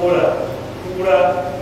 procura, procura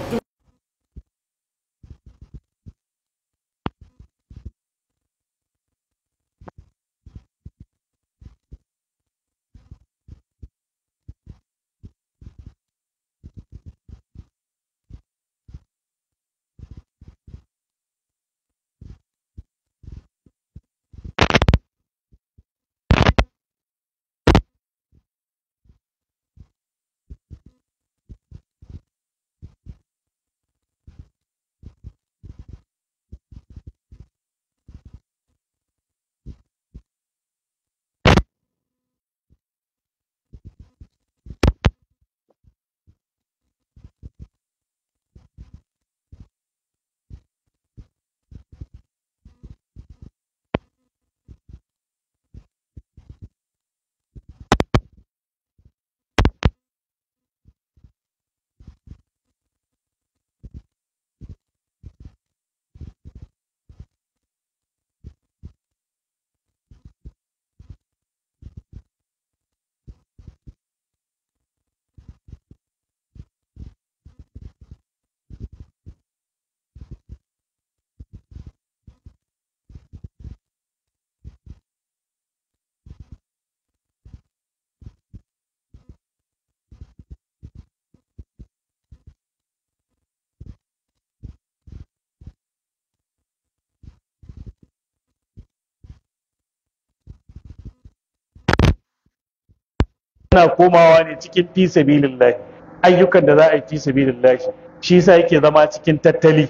suna komawa ne cikin fi ayyukan da za a yi fi sabilillahi shi yasa yake zama cikin tattali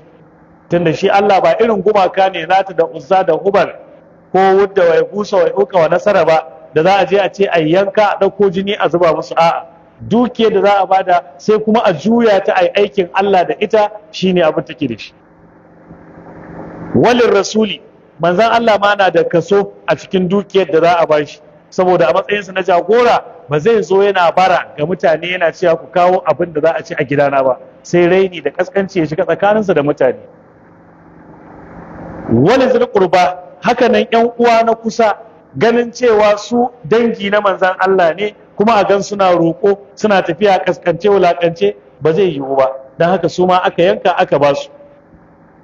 tunda shi Allah ba irin gumaka ne nata da uzza da hubar ko wadda wai busa wai uka wa nasara ba da za a je a ce a yanka a ɗauko jini a zuba musu a'a duke da za a bada sai kuma a juya ta a aikin Allah da ita shine abin take da shi walin rasuli manzan Allah ma na da kaso a cikin dukiyar da za a bashi saboda a matsayinsa na jagora ba zai zo yana bara ga mutane yana cewa ku kawo abin da za a ci a gidana ba sai raini da kaskanci ya shiga tsakaninsa da mutane wani kurba qurba hakanan yan uwa na kusa ganin cewa su dangi na manzan Allah ne kuma a gan suna roƙo suna tafiya kaskance wulakance ba zai yiwu ba don haka su ma aka yanka aka ba su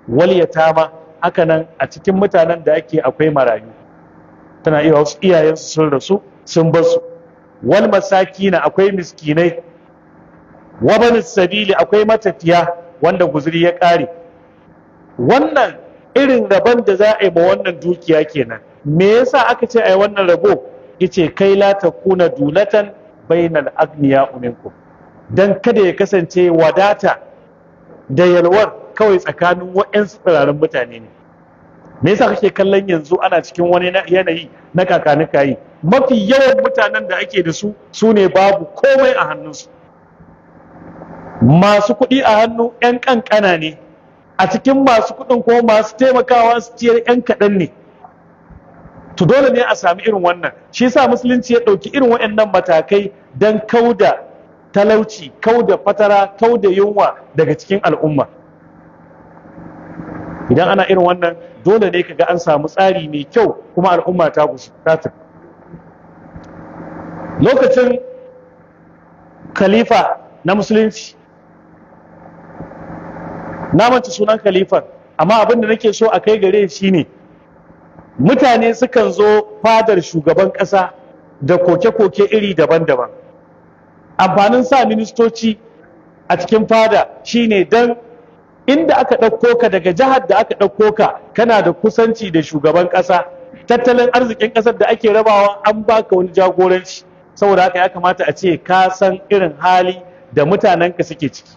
wal yatama hakanan a cikin mutanen da ake akwai marayu tana iya wasu iyayensu sun rasu sun basu. wal masakina akwai miskinai wa sabili akwai matafiya wanda guzuri ya kare wannan irin rabon da za a yi ma wannan dukiya kenan me yasa aka ce a yi wannan rabo yace kai la takuna dulatan bainal agniya minkum dan kada ya kasance wadata da yalwar kawai tsakanin waɗansu tsirarin mutane ne me yasa kake kallon yanzu ana cikin wani yanayi na kakanika yi mafi yawan mutanen da ake da su su ne babu komai a hannunsu masu kuɗi a hannu 'yan ƙanƙana ne a cikin masu kuɗin ko masu taimakawa su ciyar 'yan kaɗan ne to dole ne a sami irin wannan shi yasa musulunci ya ɗauki irin waɗannan matakai don kauda talauci kauda fatara kauda yunwa daga cikin al'umma idan ana irin wannan dole ne kaga an samu tsari mai kyau kuma al'umma ta gushi lokacin khalifa na musulunci na mace sunan Khalifar, amma abin da nake so a kai gare shi ne mutane sukan zo fadar shugaban ƙasa da koke-koke iri daban-daban amfanin sa ministoci a cikin fada shine don inda aka ɗauko ka daga jihar da aka ɗauko ka kana da kusanci da shugaban ƙasa tattalin arzikin ƙasar da ake rabawa an baka wani jagoranci saboda haka ya kamata a ce ka san irin hali da mutanenka suke ciki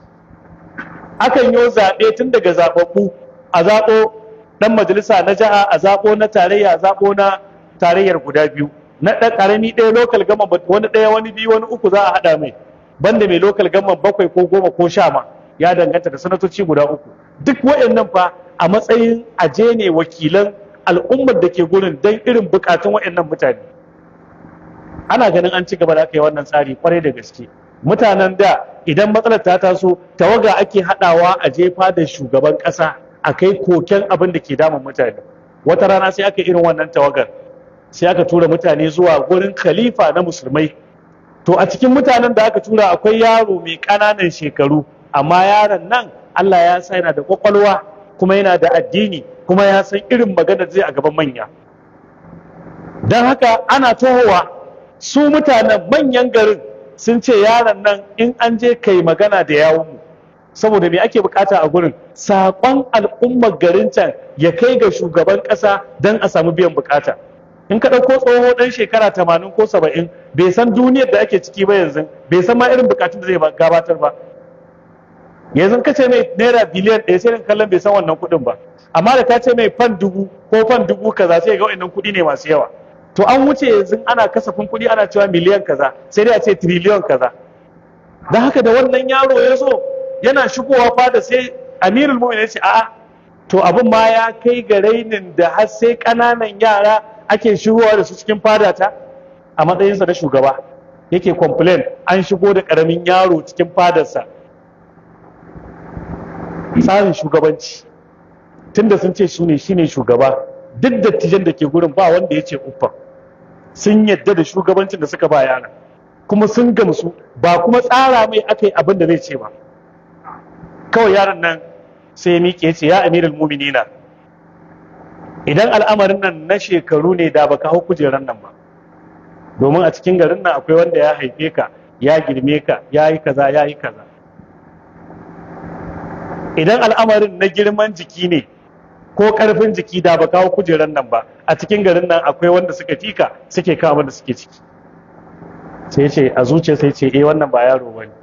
akan yi zaɓe tun daga zaɓaɓɓu a zaɓo ɗan majalisa na jiha a zaɓo na tarayya a zaɓo na tarayyar guda biyu na ɗan ƙarami ɗaya lokal gama wani ɗaya wani biyu wani uku za a haɗa mai banda mai lokal gama bakwai ko goma ko sha ma ya danganta da sanatoci guda uku duk waɗannan fa a matsayin aje ne wakilan al'ummar da ke gurin don irin bukatun waɗannan mutane ana ganin an ci gaba da aka yi wannan tsari kwarai da gaske mutanen da idan matsalar ta taso tawaga ake haɗawa a jefa da shugaban ƙasa a kai koken abin da ke damun mutane wata rana sai aka irin wannan tawagar sai aka tura mutane zuwa gurin khalifa na musulmai to a cikin mutanen da aka tura akwai yaro mai ƙananan shekaru amma yaron nan Allah ya sa yana da kwakwalwa kuma yana da addini kuma ya san irin magana zai a gaban manya don haka ana tohowa su mutanen manyan garin sun ce yaron nan in an je kai magana da yawunmu saboda me ake bukata a gurin saƙon al'ummar garin can ya kai ga shugaban ƙasa don a samu biyan bukata in ka ɗauko tsoho ɗan shekara tamanin ko saba'in bai san duniyar da ake ciki ba yanzu bai san ma irin bukatun da zai gabatar ba yanzu ka ce mai naira biliyan ɗaya sai kallon bai san wannan kuɗin ba amma da ta ce mai fan dubu ko fan dubu kaza sai ga wannan kuɗi ne masu yawa to an wuce yanzu ana kasafin kuɗi ana cewa miliyan kaza sai dai a ce triliyon kaza da haka da wannan yaro ya zo yana shigowa fada sai amirul mu'minin ya ce a'a to abin ma ya kai ga rainin da har sai kananan yara ake shigowa da su cikin fada ta a matsayinsa na shugaba yake complain an shigo da karamin yaro cikin fadarsa tsarin shugabanci tunda sun ce shi ne shugaba duk dattijan da ke gurin ba wanda ya ce ufa sun yadda da shugabancin da suka ba yaran kuma sun gamsu ba kuma tsara mai aka yi abin da zai ce ba kawai yaron nan sai ya miƙe ce ya amirul muminina idan al'amarin nan na shekaru ne da baka hau kujerar nan ba domin a cikin garin nan akwai wanda ya haife ka ya girme ka ya yi kaza ya yi kaza idan al'amarin na girman jiki ne ko karfin jiki da ba kawo kujeran nan ba a cikin garin nan akwai wanda suka fika suke kawo da suke ciki sai ce a zuciya sai ce eh wannan ba yaro bane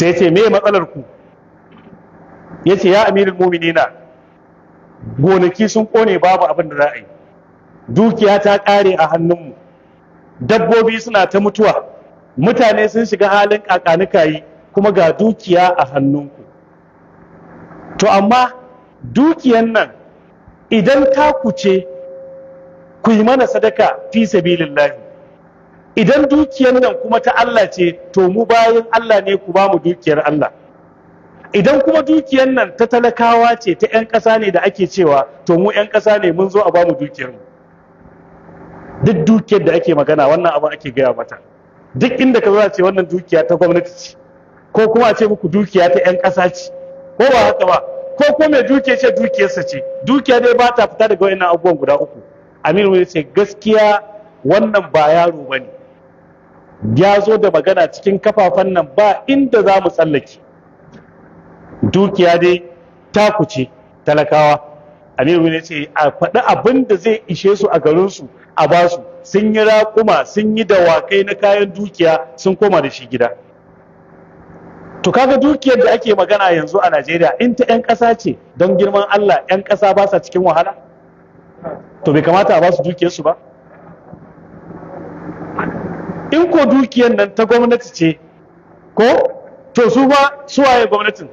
sai ce me matsalar ku yace ya amirul mu'minina gonaki sun kone babu abin da za a yi dukiya ta kare a hannunmu dabbobi suna ta mutuwa mutane sun shiga halin kakanikayi kuma ga dukiya a hannunku to amma dukiyan nan idan ta kuce ku yi mana sadaka fi sabilillahi idan dukiyan nan kuma ta Allah ce to mu bayan Allah ne ku ba mu dukiyar Allah idan kuma dukiyan nan ta talakawa ce ta 'yan ƙasa ne da ake cewa to mu 'yan ƙasa ne mun zo a ba mu dukiyar duk dukiyar da ake magana wannan abin ake gaya mata duk inda ka zo ce wannan dukiya ta gwamnati ce ko kuma a ce muku dukiya ta 'yan ƙasa ce ko ba haka ba ko kuma mai dukiya ce dukiyarsa ce dukiya dai ba ta fita daga wannan abubuwan guda uku aminu ya ce gaskiya wannan ba yaro ba ne ya zo da magana cikin kafafen nan ba inda za mu tsallake dukiya dai taku ce talakawa aminu ya ce a faɗi abin da zai ishe su a garinsu a basu sun yi raƙuma sun yi dawakai na kayan dukiya sun koma da shi gida to kaga dukiyar da ake magana yanzu a Najeriya in ta 'yan ƙasa ce don girman Allah 'yan ƙasa ba sa cikin wahala to bai kamata a ba su dukiyarsu ba in ko dukiyar nan ta gwamnati ce ko to su ba suwaye gwamnatin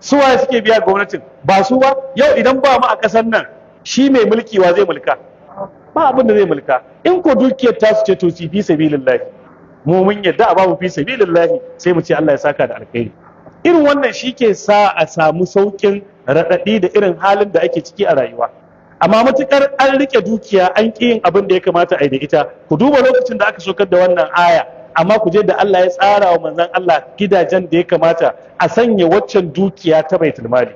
suwaye suke biya gwamnatin ba su ba yau idan ba mu a ƙasar nan shi mai mulki wa zai mulka ba abin da zai mulka in ko dukiyar tasu ce to su bi sabilillahi mu mun yadda a babu fi sabilillahi sai mu ce Allah ya saka da alkhairi irin wannan shi ke sa a samu saukin raɗaɗi da irin halin da ake ciki a rayuwa amma matukar an rike dukiya an ƙi yin abin da ya kamata a yi da ita ku duba lokacin da aka sokar da wannan aya amma ku je da Allah ya tsara wa manzon Allah gidajen da ya kamata a sanya waccan dukiya ta baitul mali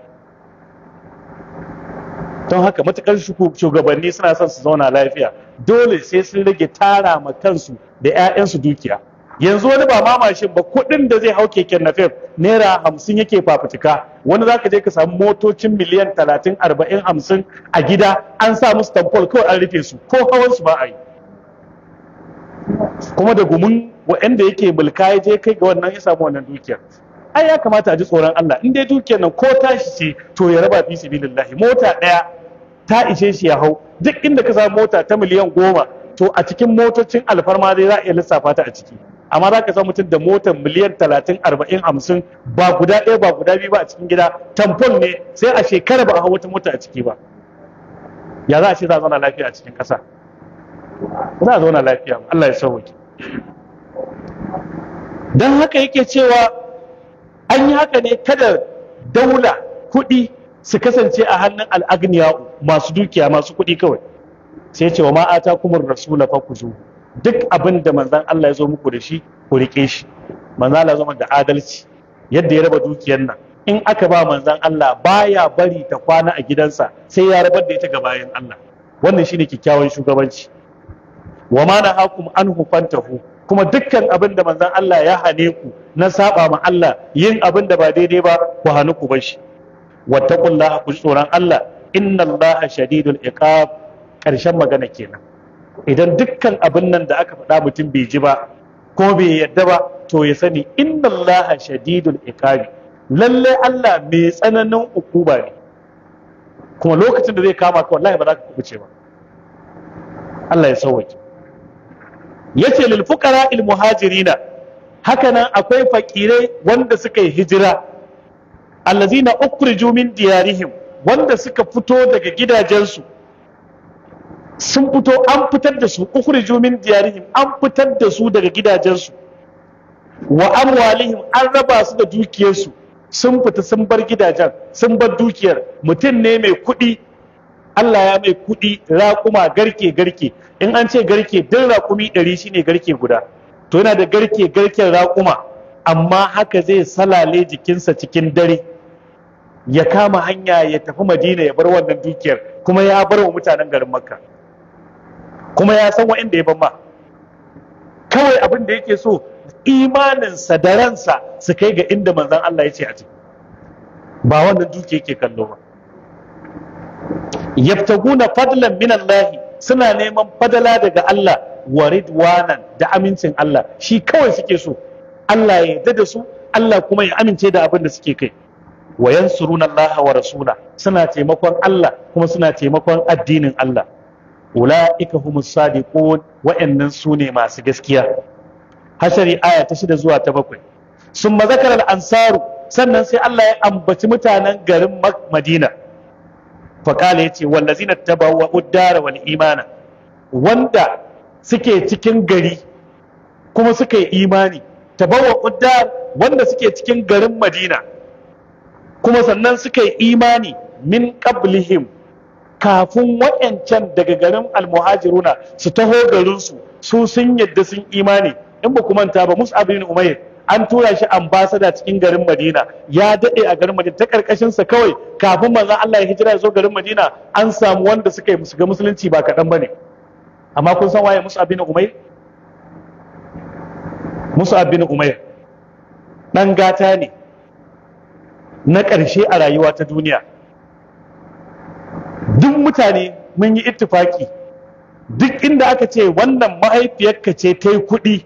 don haka matukar shugabanni suna son su zauna lafiya dole sai sun rage tara ma kansu da 'ya'yansu dukiya yanzu wani ba mamashin ba kuɗin da zai hau keken na nafef naira hamsin yake fafutuka wani za ka je ka samu motocin miliyan talatin arba'in hamsin a gida an sa musu tamfol kawai an rufe su ko hawan su ba a yi kuma da gumin wa'anda yake mulka ya je kai ga wannan ya samu wannan dukiyar ai ya kamata a ji tsoron Allah in dai dukiyar nan ko tashi ce to ya raba fi sabilillahi mota daya ta ishe shi ya hau duk inda ka samu mota ta miliyan goma to a cikin motocin alfarma dai za a iya lissafa ta a ciki amma za ka samu mutum da motar miliyan talatin arba'in hamsin ba guda ɗaya ba guda biyu ba a cikin gida tamfon ne sai a shekara ba a hau wata mota a ciki ba ya za a ce za a zauna lafiya a cikin ƙasa za a zauna lafiya Allah ya sauwaki don haka yake cewa an yi haka ne kada daula kuɗi su kasance a hannun al'agniya masu dukiya masu kuɗi kawai sai ce wa a kuma rasula fa ku zo duk abin da manzan Allah ya zo muku da shi ku riƙe shi manzan Allah zama da adalci yadda ya raba dukiyar nan in aka ba manzan Allah baya bari ta kwana a gidansa sai ya rabar da ita ga bayan Allah wannan shine kyakkyawan shugabanci wa ma hakum anhu fantahu kuma dukkan abin da manzon Allah ya hane ku na saba ma Allah yin abin da ba daidai ba ku hannu ku bar shi wattaqullaha ku tsoron Allah innallaha shadidul iqab karshen magana kenan idan dukkan abin nan da aka faɗa mutum bai ji ba ko bai yadda ba to ya sani innallaha shadidul iqab lalle Allah mai tsananin ukuba ne kuma lokacin da zai kama ka wallahi ba za ka kuce ba Allah ya sauwake yace lil fuqara il muhajirina haka nan akwai fakirai wanda suka yi hijira allazina ukhriju min diyarihim wanda suka fito daga gidajensu sun fito an fitar da su ukhriju min diyarihim an fitar da su daga gidajensu wa amwalihim an raba su da dukiyarsu sun fita sun bar gidajen sun bar dukiyar mutum ne mai kuɗi Allah ya mai kuɗi raƙuma garke garke in an ce garke dan raƙumi ɗari shine garke guda to yana da garke garken raƙuma amma haka zai salale jikinsa cikin dare ya kama hanya ya tafi madina ya bar wannan dukiyar kuma ya bar wa mutanen garin makka kuma ya san wa'inda ya ma kawai abin da yake so imaninsa da ransa su kai ga inda manzon Allah ya ce a ba wannan dukiya yake kallo ba yabtaguna fadlan min Allah suna neman fadala daga Allah wa ridwanan da amincin Allah shi kawai suke so Allah ya yarda da su Allah kuma ya amince da abin da suke kai wa yansuruna Allah wa rasula suna taimakon Allah kuma suna taimakon addinin Allah ula'ika humus sadiqun wa'annan su ne masu gaskiya hashari aya ta shida zuwa ta bakwai sun mazakar ansaru sannan sai Allah ya ambaci mutanen garin Madina faƙala ya ce wallazina tabawa uddara wal imana wanda suke cikin gari kuma suka yi imani tabawa uddar wanda suke cikin garin madina kuma sannan suka yi imani min qablihim kafin waɗancan daga garin almuhajiruna su taho garinsu su sun yadda sun imani in ba kuma ta ba musu bin umayr an tura shi ambasada cikin garin Madina ya daɗe a garin Madina ta karkashin kawai kafin manzon Allah ya hijira ya zo garin Madina an samu wanda suka yi musu ga musulunci ba kadan bane amma kun san waye Mus'ab bin Umayr Mus'ab bin Umayr dan gata ne na ƙarshe a rayuwa ta duniya duk mutane mun yi ittifaki duk inda aka ce wannan mahaifiyarka ce ta yi kuɗi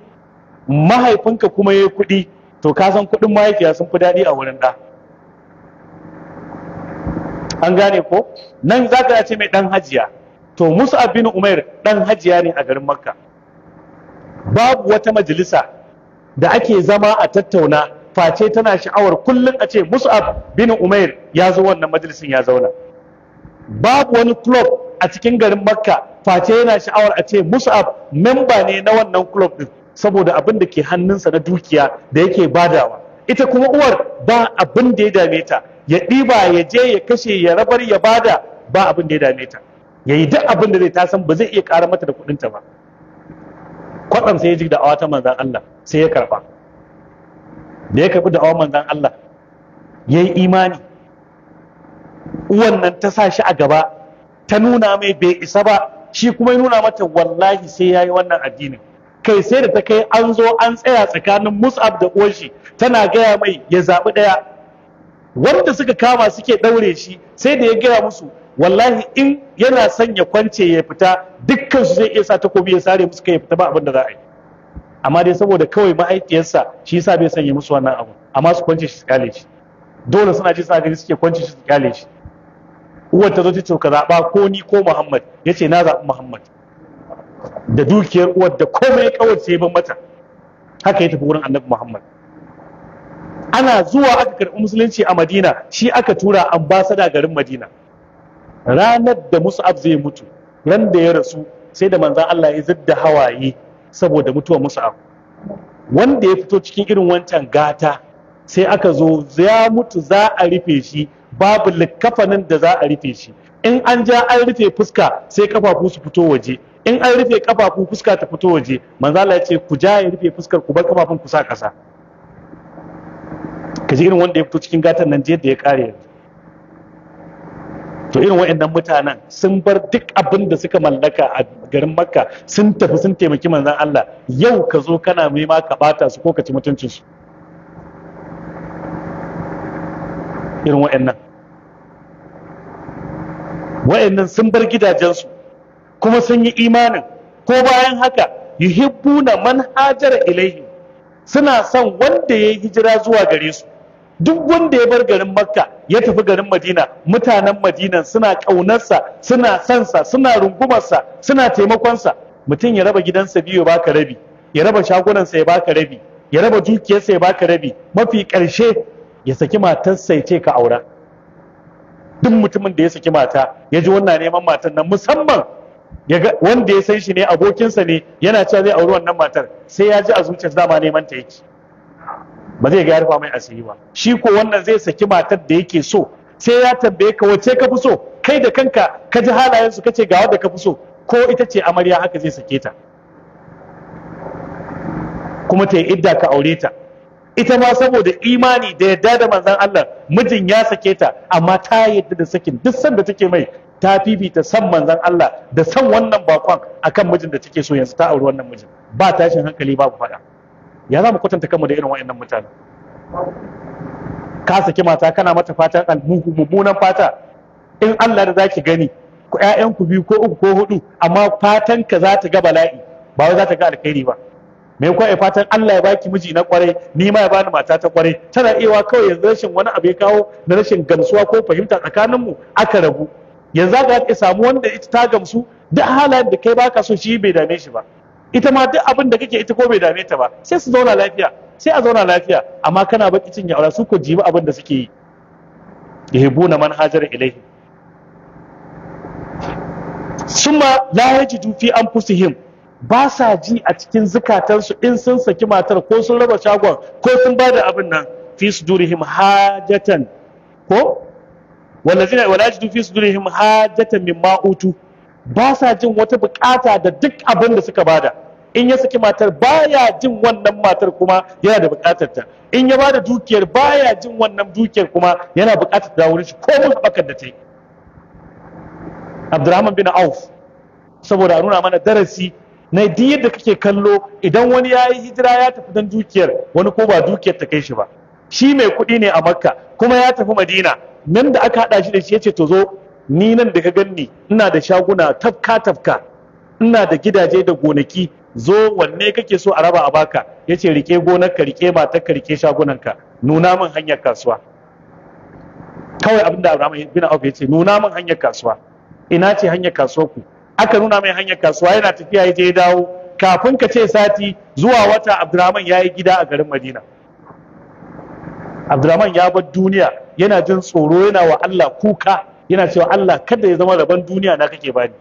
mahaifinka kuma ya yi kuɗi to ka san kuɗin mahaifiya sun fi daɗi a wurin ɗa an gane ko nan za ka ce mai ɗan hajiya to musu bin Umar ɗan hajiya ne a garin Makka babu wata majalisa da ake zama a tattauna face tana sha'awar kullum a ce musu bin Umar ya zo wannan majalisin ya zauna babu wani club a cikin garin Makka face yana sha'awar a ce Mus'ab memba ne na wannan club din saboda abin da ke hannunsa na dukiya da yake badawa ita kuma uwar ba abin da ya dame ta ya ɗiba ya je ya kashe ya rabar ya bada ba abin da ya dame ta ya yi duk abin da zai ta san ba zai iya ƙara mata da ta ba kwatsam sai ya ji da'awa ta manzan Allah sai ya karɓa da ya karɓi da'awa manzan Allah ya yi imani uwan nan ta sa shi a gaba ta nuna mai bai isa ba shi kuma ya nuna mata wallahi sai ya yi wannan addinin kai sai da ta kai an zo an tsaya tsakanin mus'ab da uwanshi tana gaya mai ya zaɓi ɗaya wanda suka kama suke ɗaure shi sai da ya gaya musu wallahi in yana son ya kwance ya fita dukkan su zai iya sa takobi ya sare musu kai ya fita ba abin da za a yi amma dai saboda kawai ma'aikiyarsa shi yasa bai sanya musu wannan abu amma su kwance shi su kyale shi dole suna ji suna gani suke kwance shi su kyale shi uwar ta zo ta ce ka zaɓa ko ni ko Muhammad yace na zaɓi Muhammad da dukiyar uwar da komai ya sai ban mata haka ya tafi wurin annabi muhammad ana zuwa aka karɓi musulunci a madina shi aka tura ambasada garin madina ranar da mus'ab zai mutu ran da ya rasu sai da manzan allah ya zidda hawaye saboda mutuwar mus'ab wanda ya fito cikin irin wancan gata sai aka zo ya mutu za a rufe shi babu likkafanin da za a rufe shi in an ja an rufe fuska sai kafafu su fito waje in an rufe kafafu fuska ta fito waje manzo Allah ya ce ku jaye rufe fuskar ku bar kafafun ku sa kasa ka ji irin wanda ya fito cikin gatan nan da ya kare to irin waɗannan mutanen sun bar duk abin da suka mallaka a garin makka sun tafi sun taimaki manzon Allah yau ka zo kana ma ka bata su ko ka ci mutuncin su irin wa'annan waɗannan sun bar gidajensu kuma sun yi imanin ko bayan haka yi na manhajar ilaihi suna son wanda ya yi hijira zuwa gare su duk wanda ya bar garin makka ya tafi garin madina mutanen madinan suna ƙaunarsa suna sansa suna rungumarsa suna taimakonsa mutum ya raba gidansa biyu baka rabi ya raba shagunansa ya baka rabi ya raba dukiyarsa ya baka rabi mafi ƙarshe ya saki matarsa ya ce ka aura duk mutumin da ya saki mata ya ji wannan neman matan nan musamman wanda ya san shi ne abokinsa ne yana cewa zai auri wannan matar sai ya ji a zuciyarsa dama neman ta yake ba zai ga ya rufa mai asiri ba shi ko wannan zai saki matar da yake so sai ya tambaye ka wace ka fi so kai da kanka ka ji halayen su kace ga wanda ka fi so ko ita ce amarya haka zai sake ta kuma ta yi idda ka aure ta ita ma saboda imani da yadda da manzon Allah mijin ya sake ta amma ta yadda da sakin duk sanda take mai ta fifita san manzan Allah da san wannan bakon akan mijin da take so yanzu ta auri wannan mijin ba tashin hankali babu faɗa ya za mu kwatanta kanmu da irin wa'annan mutane ka saki mata kana mata fatan almuhu mummunan fata in Allah da zaki gani ku ƴaƴan ku biyu ko uku ko hudu amma fatan ka za ta ga bala'i ba wai za ta ga alkhairi ba me kuwa fatan Allah ya baki miji na kwarai ni ma ya bani mata ta kwarai tana iya kawai yanzu rashin wani abu ya kawo na rashin gamsuwa ko fahimta tsakaninmu aka rabu yanzu za ka samu wanda ita ta gamsu duk halayen da kai baka so shi bai dame shi ba ita ma duk abin da kake ita ko bai dame ta ba sai su zauna lafiya sai a zauna lafiya amma kana baki cin yaura su ko jibi abin da suke yi yahibuna manhajar hajar ilaihi summa la yajidu fi anfusihim ba sa ji a cikin zukatansu in sun saki matar ko sun raba shagon ko sun ba da abin nan fi sudurihim hajatan ko wallazina wala yajidu fi sudurihim hajatan mimma utu ba sa jin wata bukata da duk abin da suka bada in ya saki matar baya jin wannan matar kuma yana da bukatar ta in ya bada dukiyar baya jin wannan dukiyar kuma yana bukatar da wurin shi ko mun bakar da ta yi Abdurrahman bin Auf saboda a nuna mana darasi na da kake kallo idan wani ya yi hijira ya tafi don dukiyar wani ko ba dukiyar ta kai shi ba shi mai kuɗi ne a makka kuma ya tafi madina nan da aka haɗa shi da shi ya ce to zo ni nan da ka ganni ina da shaguna tafka tafka ina da gidaje da gonaki zo wanne kake so a raba a baka ya ce rike gonarka rike matarka rike shagunanka nuna min hanyar kasuwa kawai abin da Abraham bin Auf ya ce nuna min hanyar kasuwa ina ce hanyar kasuwa ku aka nuna mai hanyar kasuwa yana tafiya ya je ya dawo kafin ka ce sati zuwa wata Abdulrahman ya yi gida a garin Madina abdurrahman ya bar duniya yana jin tsoro yana wa allah kuka yana cewa allah kada ya zama rabon duniya na kake bani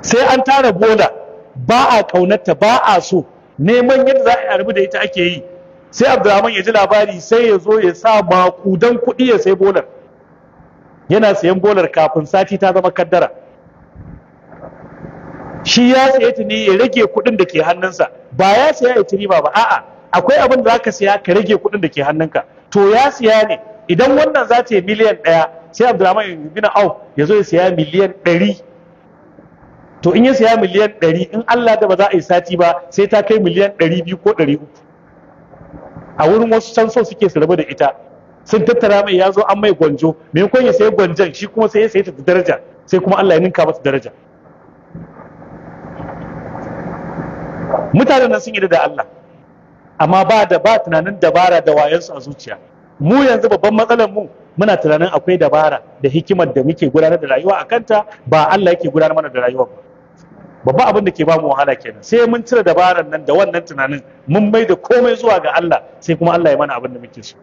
sai an tara bola ba a kaunarta ba a so neman yadda za a rabu da ita ake yi sai abdurrahman ya ji labari sai ya zo ya sa makudan kuɗi ya sai bolar yana sayan bolar kafin sati ta zama kaddara shi ya saye ta ne ya rage kuɗin da ke hannunsa ba ya saya ya ci ba a'a akwai abin da zaka siya ka rage kuɗin da ke hannunka to ya siya ne idan wannan za ta yi miliyan ɗaya sai abdulrahman bin au ya zo ya siya miliyan ɗari to in ya siya miliyan ɗari in allah da ba za a yi sati ba sai ta kai miliyan ɗari biyu ko ɗari uku a wurin wasu can so suke su rabu da ita sun tattara mai ya zo an mai gwanjo maimakon ya sayi gwanjan shi kuma sai ya sayi ta daraja sai kuma allah ya ninka masa daraja mutanen nan sun yi da Allah amma ba da ba tunanin dabara da wayansu a zuciya mu yanzu babban matsalar mu muna tunanin akwai dabara da hikimar da muke gudanar da rayuwa a kanta ba Allah yake gudanar mana da rayuwa ba babba abin da ke ba mu wahala kenan sai mun cire dabaran nan da wannan tunanin mun mai da komai zuwa ga Allah sai kuma Allah ya mana abin da muke so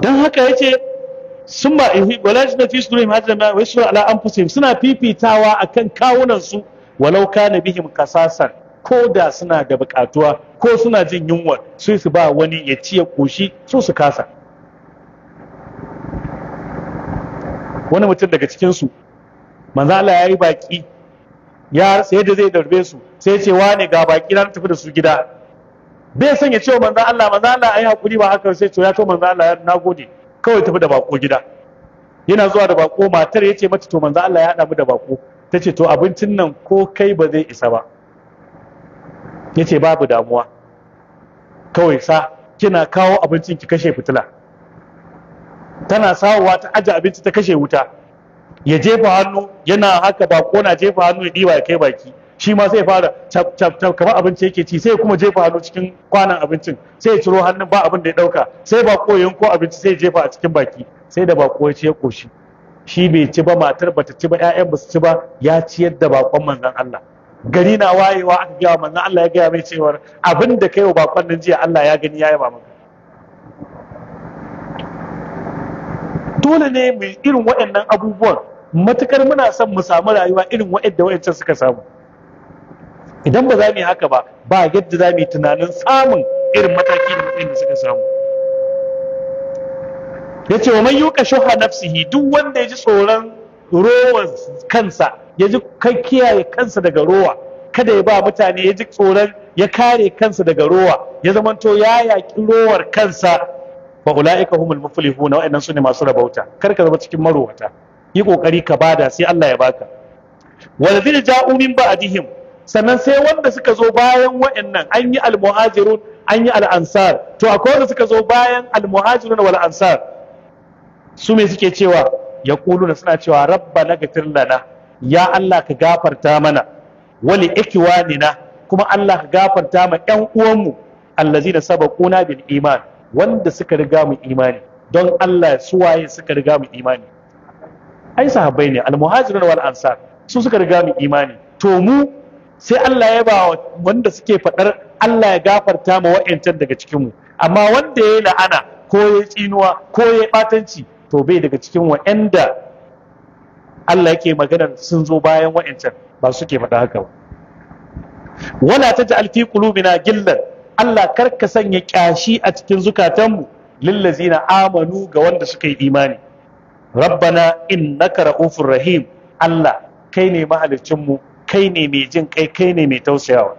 dan haka yace sun ba walaj na fi sudurihim hajjan ma wa yashra ala anfusihim suna fifitawa akan kawunan su walau kana bihim kasasan ko da suna da bukatuwa ko suna jin yunwa sai su ba wani ya ci ya koshi su su kasa wani mutum daga cikinsu manzo Allah ya yi baki ya sai da zai darbe su sai ce wane ga baki na tafi da su gida bai san ya ce wa manzo Allah manzo Allah ai hakuri ba haka sai to ya to manzo Allah na gode kawai tafi da bako gida yana zuwa da bako matar ya ce mata to manzo Allah ya hada mu da bako tace ce to abincin nan ko kai ba zai isa ba ya ce babu damuwa kawai sa kina kawo abincin ki kashe fitila tana sawowa ta aje abinci ta kashe wuta ya jefa hannu yana haka ba na jefa hannu ya diwa ya kai baki shi ma sai fara cap cap cap kamar abinci yake ci sai kuma jefa hannu cikin kwanan abincin sai ya ciro hannun ba abin da ya dauka sai ba ko ko abinci sai ya jefa a cikin baki sai da bako ya ce ya koshi shi bai ci ba matar bata ci ba ƴaƴan su ci ba ya ciyar da bakon manzon Allah gari na wayewa aka gaya manzon Allah ya gaya mai cewar abin da kai wa bakon nan jiya Allah ya gani ya yaba maka dole ne mu irin waɗannan abubuwan matukar muna son mu samu rayuwa irin waɗanda waɗancan suka samu idan ba za mu yi haka ba ba yadda za mu yi tunanin samun irin mataki da waɗanda da suka samu ya ce wa man yuka shuha nafsihi duk wanda ya ji tsoron rowan kansa ya ji kai kiyaye kansa daga rowa kada ya ba mutane ya ji tsoron ya kare kansa daga rowa ya zamanto ya yaƙi rowar kansa fa ulaika humul na wa'annan sune masu rabauta kar ka zama cikin marowata yi kokari ka bada sai Allah ya baka walazina ja'u min ba'dihim sannan sai wanda suka zo bayan wa'annan an yi almuhajirun an yi al'ansar to akwai wanda suka zo bayan almuhajirun wal ansar su me suke cewa yaquluna suna cewa rabbana ga lana ya Allah ka gafarta mana wali ikwanina kuma Allah ka gafarta ma yan uwanmu allazina sabaquna bil iman wanda suka riga mu imani don Allah waye suka riga mu imani ai sahabbai ne almuhajirin wal ansar su suka riga mu imani to mu sai Allah ya ba wanda suke faɗar Allah ya gafarta ma wa'ancan daga cikin mu amma wanda ya la'ana ko ya tsinuwa ko ya batanci to bai daga cikin wa'anda Allah yake maganar sun zo bayan wa'ancan ba suke faɗa haka ba wala taj'al fi qulubina gillan Allah kar ka sanya kyashi a cikin zukatanmu lillazina amanu ga wanda suka yi imani rabbana innaka ra'ufur rahim Allah kai ne mu kai ne mai jin kai kai ne mai tausayawa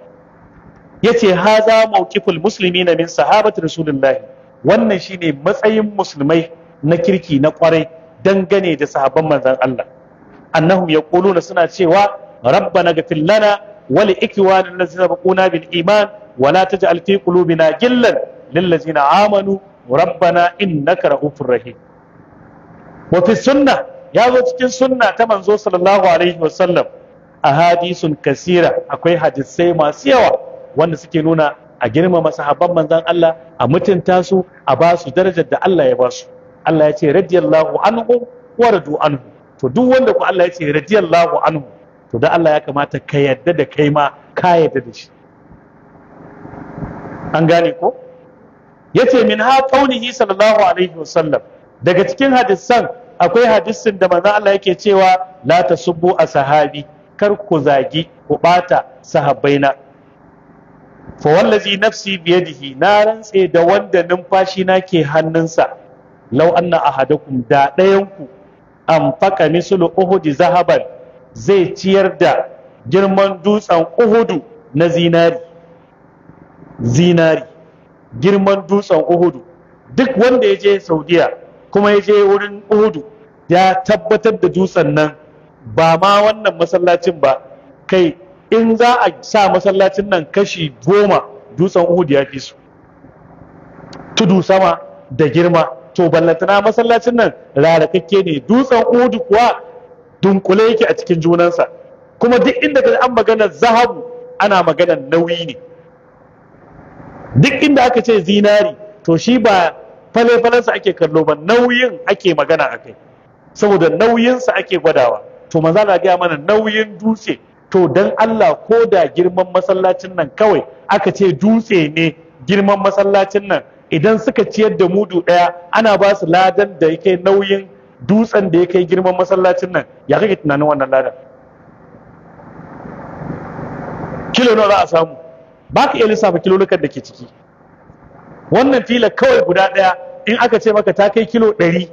yace haza mawqiful muslimina min sahabati rasulullahi wannan shine matsayin musulmai na kirki na kwarai dangane da sahabban manzon Allah annahum yaquluna suna cewa rabbana ghfir lana wa li ikwanina allazina baquna bil iman wa la taj'al fi qulubina ghillan lil ladzina amanu rabbana innaka ra'ufur rahim wa fi sunnah ya zo cikin sunna ta manzo sallallahu alaihi wasallam ahadisun kasira akwai hadisai masu yawa wanda suke nuna a girmama sahabban manzon Allah a mutunta su a ba su darajar da Allah ya ba su Allah ya ce radiyallahu anhu wa radu anhu to duk wanda ku Allah ya ce radiyallahu anhu to da Allah ya kamata ka yadda da kai ma ka yadda da shi an gane ko yace min ha qaulihi sallallahu alaihi wasallam daga cikin hadisan akwai hadisin da maza Allah yake cewa la tasubbu ashabi kar ku zagi ku bata sahabbaina fa wallazi nafsi biyadihi na rantse da wanda numfashi na ke hannunsa law anna ahadakum da ɗayan ku anfaka mislu uhudi zahaban zai ciyar da girman dutsen uhudu na zinari zinari girman dutsen uhudu duk wanda ya je saudiya kuma ya je wurin uhudu ya tabbatar da dutsen nan ba ma wannan masallacin ba kai in za a sa masallacin nan kashi goma dutsen uhudu ya fi su tudu sama da girma to ballantana masallacin nan rarakakke ne dutsen udu kuwa dunkule yake a cikin junansa kuma duk inda ka an magana zahabu ana magana nauyi ne duk inda aka ce zinari to shi ba fale-falensa ake kallo ba nauyin ake magana a kai. saboda nauyinsa ake gwadawa to maza na gaya mana nauyin dutse to dan Allah ko da girman masallacin nan kawai aka ce dutse ne girman masallacin nan idan suka ciyar da mudu ɗaya ana ba su ladan da yake nauyin dutsen da ya kai girman masallacin nan ya kake tunanin wannan ladan kilo nawa za a samu ba ka iya lissafa kilolukan da ke ciki wannan fila kawai guda ɗaya in aka ce maka ta kai kilo ɗari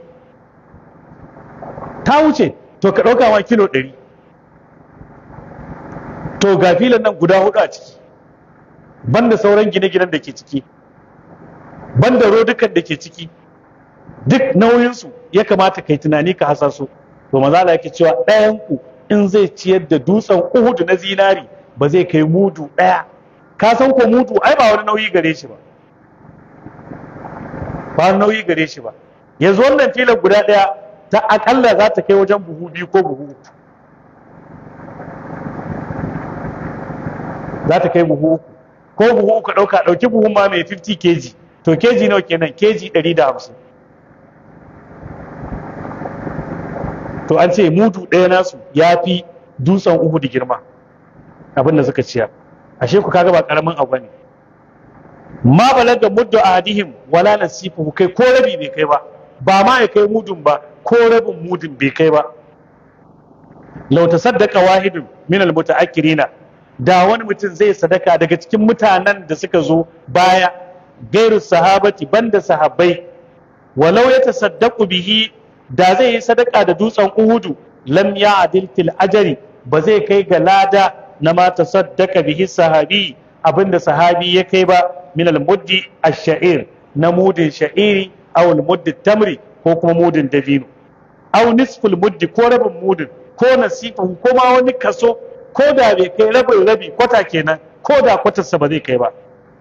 ta wuce to ka ɗauka ma kilo ɗari to ga filan nan guda hudu a ciki banda sauran gine-ginen da ke ciki banda rodukan da ke ciki duk nauyinsu ya kamata kai tunani ka hasa su to maza Allah yake cewa ɗayan ku in zai ciyar da dutsen Uhudu na zinari ba zai kai mudu ɗaya ka san ko mudu ai ba wani nauyi gare shi ba ba nauyi gare shi ba yanzu wannan filar guda ɗaya ta akalla za ta kai wajen buhu biyu ko buhu uku za ta kai buhu uku ko buhu uku ɗauka ɗauki buhun ma mai 50 kg to keji nawa kenan keji 150 to an ce mudu ɗaya nasu ya fi dutsen uku da girma abin da suka ciyar ashe ku kaga ba karamin abu ne ma balaga muddu ahadihim wala nasifu kai ko rabi bai kai ba ba ma ya kai mudun ba ko rabin mudun bai kai ba law Saddaka wahidun min al mutaakkirina da wani mutum zai sadaka daga cikin mutanen da suka zo baya gairu sahabati banda sahabbai walau ya tasaddaqu bihi da zai yi sadaka da dutsen uhudu lam ya adil fil ajari ba zai kai ga lada na ma saddaka bihi sahabi abinda sahabi ya kai ba min al muddi ash-sha'ir na mudin sha'iri aw al muddi tamri ko kuma mudin dabino aw nisful muddi ko rabin mudin ko nasifin ko ma wani kaso ko da bai kai rabin rabi kwata kenan ko da kwatarsa ba zai kai ba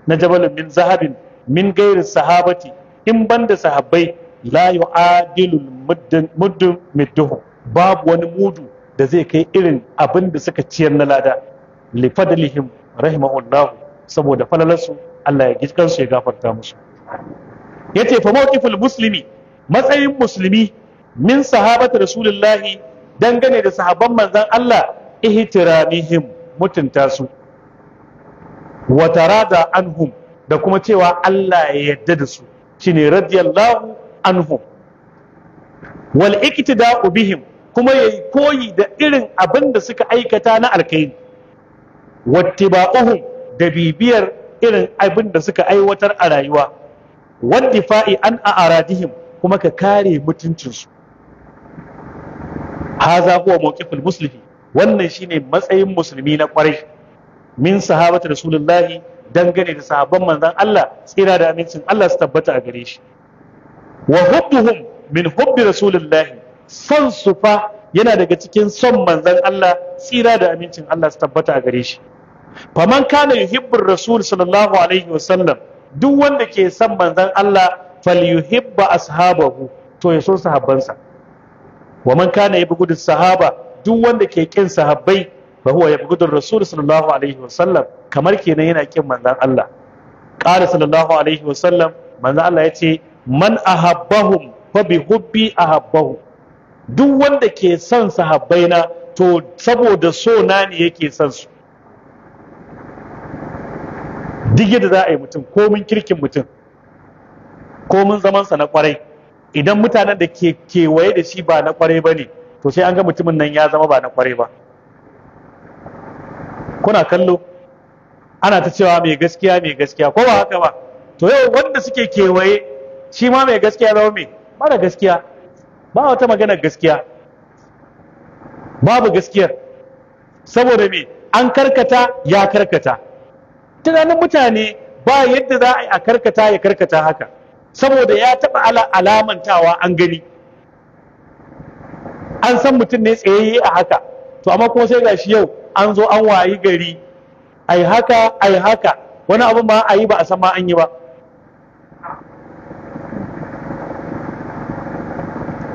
na jabalin min zahabin min gairi sahabati in banda sahabbai la yu'adilu muddun midduhu babu wani mudu da zai kai irin abin da suka ciyar na lada li fadlihim saboda falalarsu Allah ya gikan su ya gafarta musu yace fa mawqiful muslimi matsayin musulmi min sahabati rasulullahi dangane da sahabban manzon Allah ihtiramihim mutunta su Wata rada, anhum da kuma cewa Allah ya yadda da su shine radiyallahu anhum wal iktida'u bihim kuma yayi koyi da irin abin da suka aikata na alkhairi wattiba'uhum da bibiyar irin abin da suka aiwatar a rayuwa waddifa'i an a'radihim kuma ka kare mutuncinsu haza huwa mawqiful muslimi wannan shine matsayin musulmi na kwarai min sahabata rasulullahi dangane da sahabban manzan Allah tsira da amincin Allah su tabbata a gare shi wa hubbuhum min hubbi rasulullahi san su fa yana daga cikin son manzan Allah tsira da amincin Allah su tabbata a gare shi faman kana yuhibbur rasul sallallahu alaihi wasallam duk wanda ke son manzan Allah falyuhibba ashabahu to ya so sahabbansa wa man kana yabghudu sahaba duk wanda ke kin sahabbai fa huwa yabghudur rasul sallallahu alaihi sallam kamar kenan yana kin manzan Allah qala sallallahu alaihi sallam manzan Allah yace man ahabbahum fa bi hubbi ahabbahu duk wanda ke son sahabbaina to saboda so na ne yake son su duk yadda za a yi mutum komin kirkin mutum komin zamansa na kwarai idan mutanen da ke kewaye da shi ba na kwarai ba ne to sai an ga mutumin nan ya zama ba na kwarai ba kuna kallo ana ta cewa mai gaskiya mai gaskiya ko ba haka ba to yau wanda suke kewaye shi ma mai gaskiya zama mai mara gaskiya ba wata magana gaskiya babu gaskiyar saboda me an karkata ya karkata tunanin mutane ba yadda za a yi a karkata ya karkata haka saboda ya taɓa ala alamantawa an gani an san mutum ne tsayayye a haka to amma kuma sai gashi yau an zo an wayi gari ai haka ai haka wani abin ba a yi ba a san ma an yi ba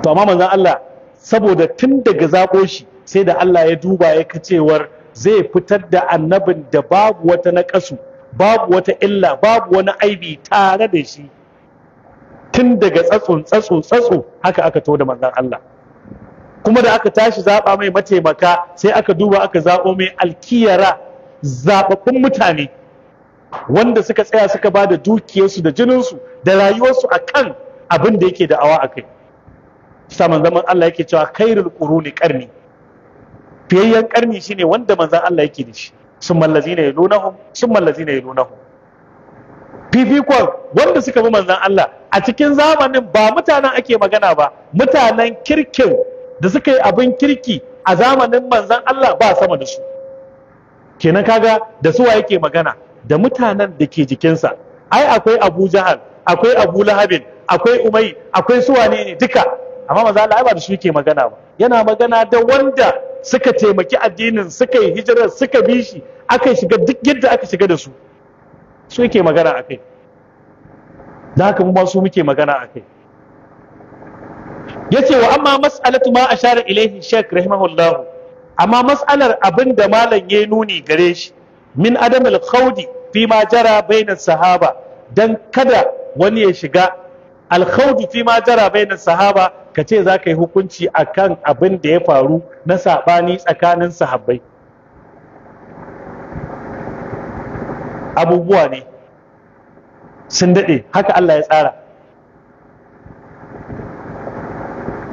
to amma manzon Allah saboda tun daga zako shi sai da Allah ya duba ya kacewar, zai fitar da annabin da babu wata naƙasu babu wata illa babu wani aibi tare da shi tun daga tsatso tsatso tsatso haka aka to da manzon Allah kuma da aka tashi zaba mai mataimaka sai aka duba aka zaɓo mai alkiyara zaɓaɓɓun mutane wanda suka tsaya suka ba da dukiyarsu da jininsu da rayuwarsu a kan abin da yake da'awa a kai sa manzan Allah yake cewa kairul quruni karni fiyayyen karni shine wanda manzan Allah yake da shi sun mallazi ne yalunahum sun mallazi yalunahum fifikon wanda suka bi manzan Allah a cikin zamanin ba mutanen ake magana ba mutanen kirkin da suka yi abin kirki a zamanin manzan Allah ba sama da su kenan kaga da suwa yake magana da mutanen da ke jikinsa ai akwai Abu Jahal akwai Abu Lahabin akwai Umai akwai suwa ne duka amma maza Allah ba da su yake magana ba yana magana da wanda suka taimaki addinin suka yi hijirar suka bi shi aka shiga duk yadda aka shiga da su su yake magana akai Za ka mu ba su muke magana akai yace wa amma mas'alatu ma ashara ilaihi shaykh rahimahullah amma mas'alar abin da malam ya nuni gare shi min adam al khawdi fi ma jara bainan sahaba dan kada wani ya shiga al khawdi fi ma jara bainan sahaba ka ce za ka yi hukunci akan abin da ya faru na sabani tsakanin sahabbai abubuwa ne sun daɗe haka Allah ya tsara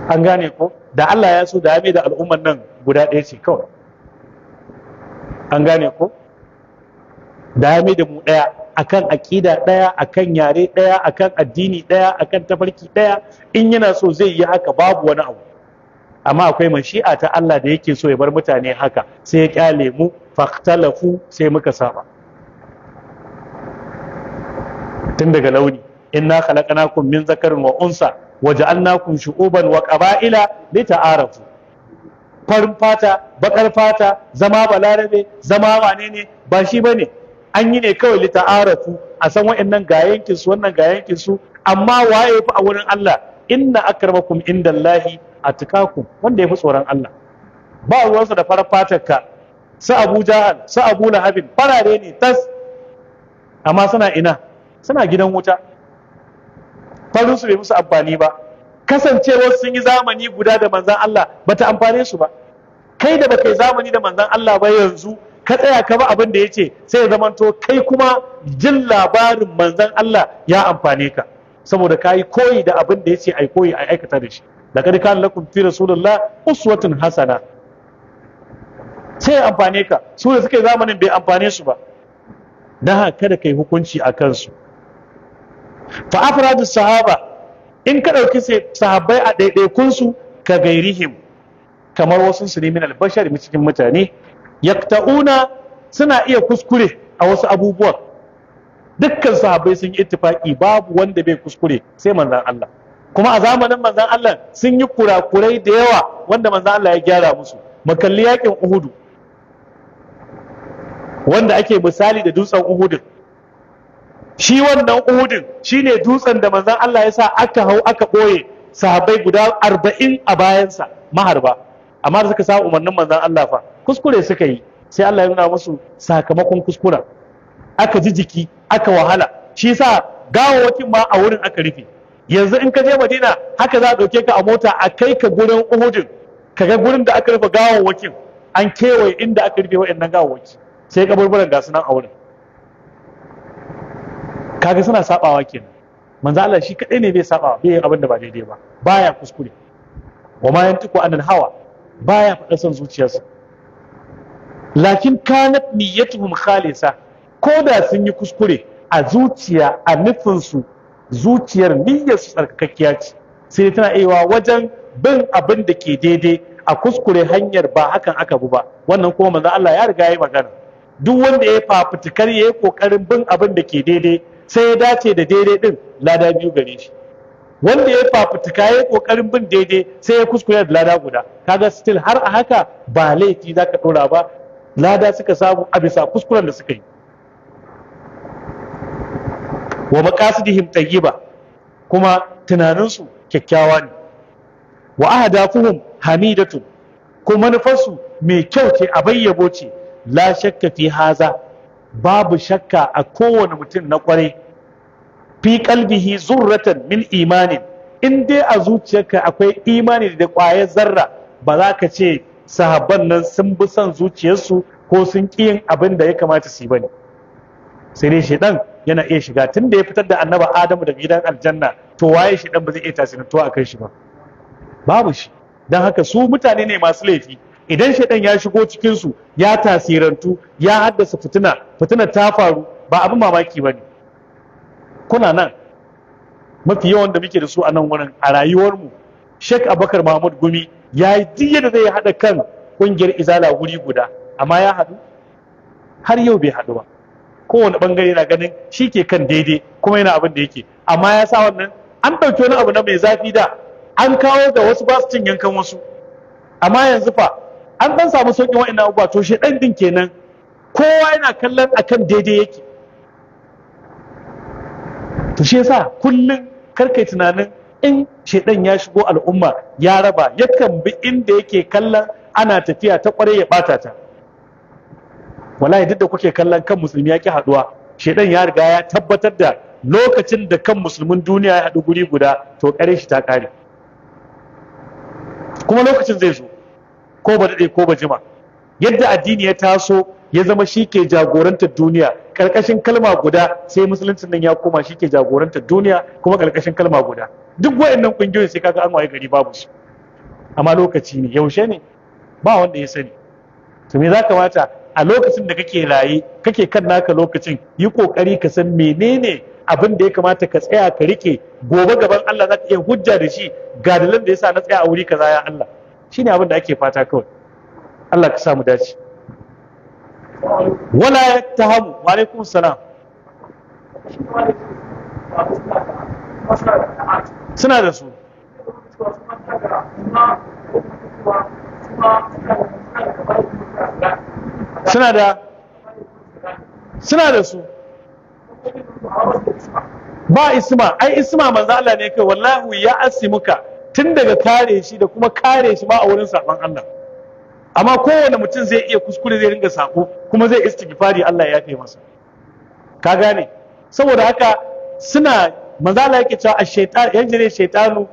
an gane ko da Allah ya so da ya da al'ummar nan guda ɗaya ce kawai an gane ko da ya da mu ɗaya akan aƙida ɗaya akan yare ɗaya akan addini ɗaya akan tafarki ɗaya in yana so zai yi haka babu wani abu amma akwai mashi'a ta Allah da yake so ya bar mutane haka sai ya kyale mu faktalafu sai muka saba tun daga launi in na inna khalaqnakum min zakarin wa waja'alnakum shu'uban wa qaba'ila lita'arafu farin fata bakar fata zama balarabe zama wane ne ba shi bane an yi ne kawai lita'arafu a san wa'annan ga yankin su wannan ga yankin su amma waye fa a wurin Allah inna akramakum indallahi atqakum wanda yafi tsoron Allah ba ruwansa da farin fatar ka, su Abu Jahal su Abu Lahabin farare ne tas amma suna ina suna gidan wuta farin su bai musu amfani ba kasancewar sun yi zamani guda da manzan Allah ba ta amfane su ba kai da baka yi zamani da manzan Allah ba yanzu ka tsaya ka ba abin da ya ce sai ya zamanto kai kuma jin labarin manzan Allah ya amfane ka saboda ka yi koyi da abin da ya ce ai koyi ai aikata da shi laqad kana lakum fi rasulillah uswatun hasana sai ya amfane ka su da suka zamanin bai amfane su ba dan haka kada kai hukunci a kansu fa afradu sahaba in ka ɗauki sahabbai a ɗaiɗaikunsu ka gairihim kamar wasu su ne min albashar cikin mutane yakta'una suna iya kuskure a wasu abubuwan dukkan sahabbai sun yi ittifaki babu wanda bai kuskure sai manzon Allah kuma a zamanin manzan Allah sun yi kurakurai da yawa wanda manzon Allah ya gyara musu makalli yakin Uhudu wanda ake misali da dutsen Uhudun shi wannan shi shine dutsen da manzon Allah ya sa aka hau aka ɓoye sahabbai guda arba'in a bayansa maharba amma da suka sa umarnin manzon Allah fa kuskure suka yi sai Allah ya nuna musu sakamakon kuskura aka ji jiki aka wahala shi yasa gawawakin ma a wurin aka rufe yanzu in ka je Madina haka za a ɗauke ka a mota a kai ka gurin Uhudin ga gurin da aka rufe gawawakin an kewaye inda aka rufe waɗannan gawawaki sai kaburburan ga nan a wurin kaga suna sabawa kenan manzo Allah shi kadai ne bai saba bai yin abin da ba daidai ba baya kuskure wa ma anil hawa baya fada son zuciyarsa lakin kanat niyyatuhum khalisa ko da sun yi kuskure a zuciya a nufin su zuciyar niyyar su tsarkakakkiya ce sai tana iya wajen bin abin da ke daidai a kuskure hanyar ba hakan aka bu ba wannan kuma manzo Allah ya riga ya yi magana duk wanda ya fafutukar ya yi kokarin bin abin da ke daidai sai ya dace da daidai din lada biyu gare shi wanda ya fafutuka ya kokarin bin daidai sai ya kuskure da lada guda kaga still har a haka ba laifi za ka dora ba lada suka samu a bisa kuskuren da suka yi wa maqasidihim tayyiba kuma tunaninsu kyakkyawa ne wa ahdafuhum hamidatu kuma manufarsu mai kyau ce a bayyabo ce la shakka fi haza babu shakka a kowane mutum na kwarai fi kalbihi zurratan min imanin in dai a zuciyarka akwai imani da kwaye zarra ba za ka ce sahabban nan sun bi son zuciyarsu ko sun ƙi yin abin da ya kamata su yi bane sai dai shedan yana iya shiga tun da ya fitar da annaba adamu daga gidan aljanna to waye shedan ba zai iya tasirantuwa a kan shi ba babu shi don haka su mutane ne masu laifi idan shaidan ya shigo cikin su ya tasirantu ya haddasa fitina fitina ta faru ba abin mamaki bane kuna nan mafi yawan da muke da su a nan wurin a rayuwarmu Sheikh Abubakar Mahmud Gumi ya yi diyar da zai haɗa kan ƙungiyar Izala wuri guda amma ya haɗu har yau bai haɗu ba kowane ɓangare na ganin shi ke kan daidai kuma yana abin da yake amma ya sa wannan an ɗauki wani abu na mai zafi da an kawo da wasu ba su cin yankan wasu amma yanzu fa an ɗan samu sauƙin wa'annan abubuwa to shi ɗan ɗin kenan kowa yana kallon akan daidai yake to shi yasa kullum karkai tunanin in shedan ya shigo al'umma ya raba yakan bi inda yake kallon ana tafiya ta kware ya bata ta wallahi duk da kuke kallon kan musulmi yake haduwa shedan ya riga ya tabbatar da lokacin da kan musulmin duniya ya haɗu guri guda to kare shi ta kare kuma lokacin zai zo ko ba dade ko ba jima yadda addini ya taso ya zama shi ke jagorantar duniya ƙarƙashin kalma guda sai musuluncin nan ya koma shi ke jagorantar duniya kuma ƙarƙashin kalma guda duk waɗannan ƙungiyoyi sai kaga an waye gari babu su amma lokaci ne yaushe ne ba wanda ya sani to me za kamata a lokacin da kake raye kake kan naka lokacin yi kokari ka san menene abin da ya kamata ka tsaya ka rike gobe gaban Allah za ka iya hujja da shi ga dalilin da yasa na tsaya a wuri kaza ya Allah shine abin da ake fata kawai Allah ka samu dace wala yattahamu wa alaikum salam suna da su suna da suna da su ba isma ai isma manzo Allah ne kai wallahi ya asimuka tun daga kare shi da kuma kare shi ma a wurin saban Allah amma kowane mutum zai iya kuskure zai ringa sako kuma zai istighfari Allah ya kai masa ka gane saboda haka suna maza Allah yake cewa ash-shaytan yanjire shaytanu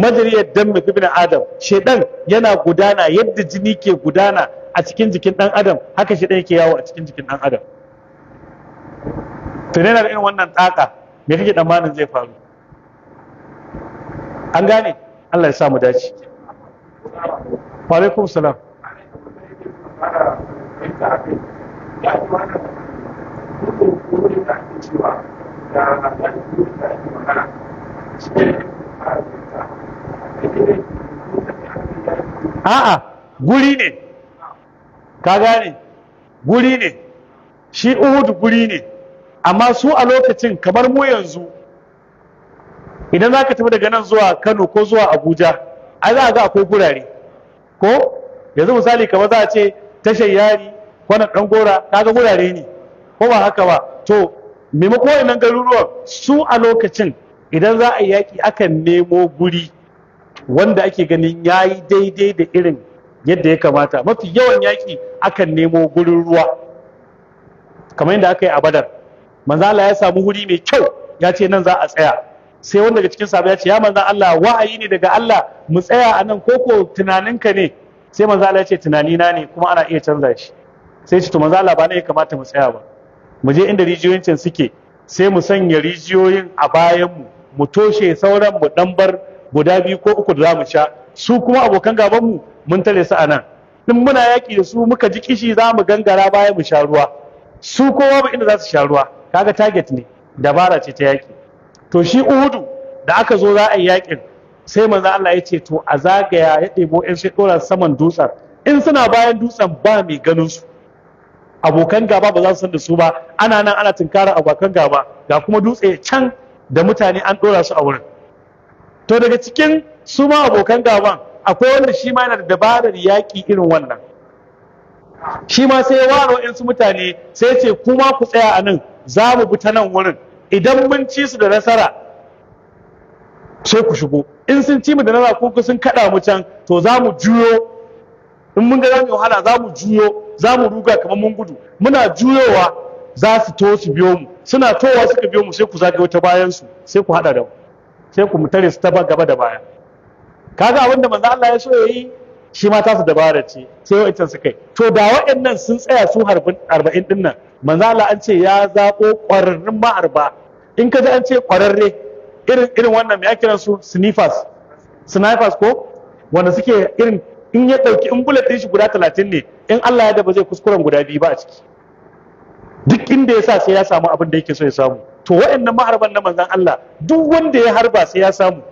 madariyar mai ibn adam shaytan yana gudana yadda jini ke gudana a cikin jikin ɗan adam haka shaytan yake yawo a cikin jikin ɗan adam irin wannan ɗaka me kake tsammanin zai faru an gane Allah ya sa mu dace wa alaikum salam a'a guri ne ka gane guri ne shi uhudu guri ne amma su a lokacin kamar mu yanzu idan za ka tafi daga nan zuwa kano ko zuwa abuja a za a ga akwai gurare ko yanzu misali kamar za a ce tashar yari kwanan ɗan gora kaga gurare ne ko ba haka ba to maimakon wannan garuruwan su a lokacin idan za a yi yaƙi akan nemo guri wanda ake ganin ya yi daidai da irin yadda ya kamata mafi yawan yaƙi akan nemo gurin ruwa kamar yadda aka yi a badar manzala ya samu wuri mai kyau ya ce nan za a tsaya sai wanda daga cikin sahabbai ya ce ya manzan Allah wa'ayi ne daga Allah mu tsaya a nan koko tunaninka ne sai manzan Allah ya ce tunanina ne kuma ana iya canza shi sai ce to manzan Allah ba ne ya kamata mu tsaya ba mu je inda rijiyoyin can suke sai mu sanya rijiyoyin a bayan mu mu toshe sauran mu dan bar guda biyu ko uku da za mu sha su kuma abokan gaban mu mun tare su a nan din muna yaki da su muka ji kishi za mu gangara bayan mu sha ruwa su kowa ba inda za su sha ruwa kaga target ne dabara ce ta yaki to shi uhudu da aka zo za a yi yakin sai manzo Allah ya ce to a zagaya ya ɗebo in sai dora saman dutsen in suna bayan dutsen ba mai ganin su abokan gaba ba za su san da su ba ana nan ana tunkarar abokan gaba ga kuma dutse can da mutane an ɗora su a wurin to daga cikin su ma abokan gaban akwai wanda shi ma yana da dabarar yaƙi irin wannan shi ma sai ya ware su mutane sai ce kuma ku tsaya a nan za mu bi ta nan wurin idan mun ci su da nasara sai ku shigo in sun ci mu da nasara ko sun kada mu can to za mu juyo in mun ga za mu wahala za mu juyo za mu ruga kamar mun gudu muna juyowa za su to su biyo mu suna towa suka biyo mu sai ku zagaye ta bayan su sai ku hada da sai ku mutare su ta gaba da baya kaga abin da manzo Allah ya so yayi shi ma tasu dabara ce sai wa wa'ancan su kai to da wa'annan sun tsaya su arba'in din nan manzo Allah an ce ya zaɓo ƙwararrun ma'arba in ka ji an ce ƙwararre irin irin wannan mai kiran su snipers snipers ko wanda suke irin in ya ɗauki in bullet din shi guda talatin ne in Allah ya da ba zai kuskuren guda biyu ba a ciki duk inda ya sa sai ya samu abin da yake so ya samu to wa'annan ma'arban na manzon Allah duk wanda ya harba sai ya samu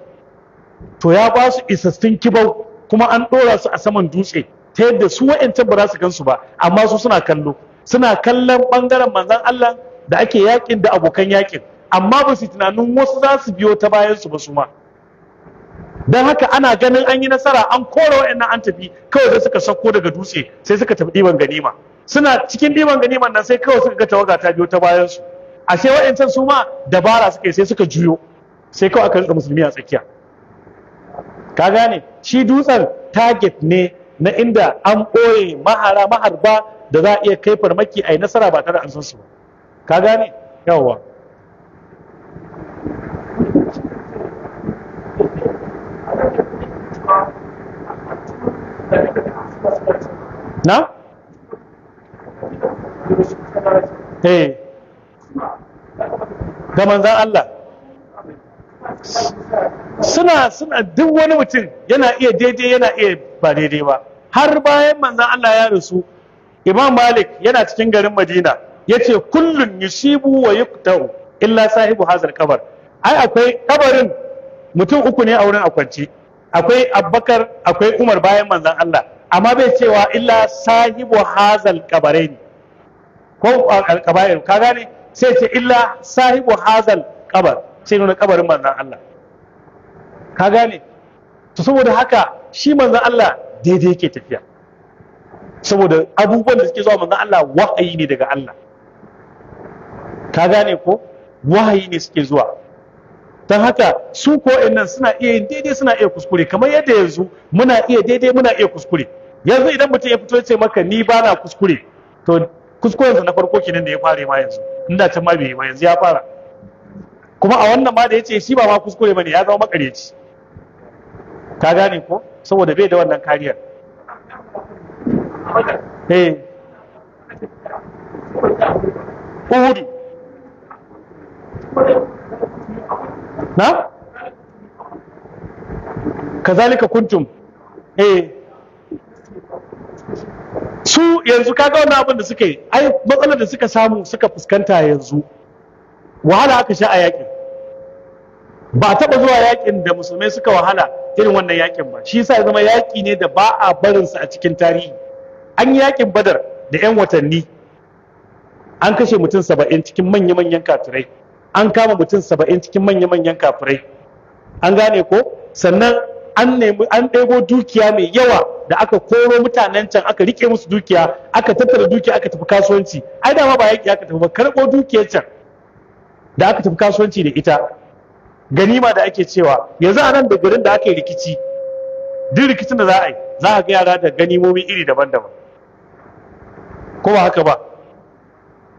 to ya ba su isassun kibau kuma an ɗora su a saman dutse ta yadda su wa'ancan ba za su gansu ba amma su suna kallo suna kallon ɓangaren manzan Allah da ake yakin da abokan yakin amma ba su tunanin wasu za su biyo ta bayan su ba su ma don haka ana ganin an yi nasara an kora wa'annan an tafi kawai sai suka sauko daga dutse sai suka tafi ɗiban ganima suna cikin ɗiban ganiman nan sai kawai suka ga tawaga ta biyo ta bayan su ashe wa'ancan su ma dabara suka yi sai suka juyo sai kawai aka rika musulmi a tsakiya ka gane shi dutsen target ne na inda an ɓoye mahara maharba da za a iya kai farmaki a yi nasara ba tare an san su ba ka gane yawwa na? eh ga manzan Allah suna suna duk wani mutum yana iya daidai yana iya ba daidai ba har bayan manzan Allah ya rasu Imam Malik yana cikin garin Madina yace kullun yusibu wa yuqtau illa sahibu hazar kabar ai akwai kabarin mutum uku ne a wurin akwanci akwai Abakar, akwai Umar bayan manzan Allah amma bai cewa illa sahibu hazal kabarain ko alkabair ka gane sai ce illa sahibu hazal kabar sai nuna kabarin manzan Allah ka gane to saboda haka shi manzan Allah daidai yake tafiya saboda abubuwan da suke zuwa manzan Allah wahayi ne daga Allah ka gane ko wahayi ne suke zuwa don haka su ko nan suna iya yin daidai suna iya kuskure kamar yadda yanzu muna iya daidai muna iya kuskure yanzu idan mutum ya fito ya ce maka ni ba na kuskure to kuskurensa na farko kenan da ya fara ma yanzu inda can ma bai ma yanzu ya fara kuma a wannan ma da yace shi ba ma kuskure bane ya zama makareci ka gane ko saboda bai da wannan kariyar eh Uhudi na kazalika kuntum eh su yanzu kaga wannan abin da suka yi ai matsalar da suka samu suka fuskanta yanzu wahala aka sha a yakin ba taɓa zuwa yakin da musulmai suka wahala irin wannan yakin ba shi sa zama yaki ne da ba a barinsa a cikin tarihi an yi yakin badar da 'yan watanni an kashe mutum saba'in cikin manya-manyan kafirai an kama mutum saba'in cikin manya-manyan kafirai an gane ko sannan an nemi an ɗebo dukiya mai yawa da aka koro mutanen can aka rike musu dukiya aka tattara dukiya aka tafi kasuwanci ai dama ba yaki aka tafi ba karɓo dukiyar can da aka tafi kasuwanci da ita ganima da ake cewa yanzu a nan da garin da aka yi rikici duk rikicin da za a yi za a ga yara da ganimomi iri daban-daban ko ba haka ba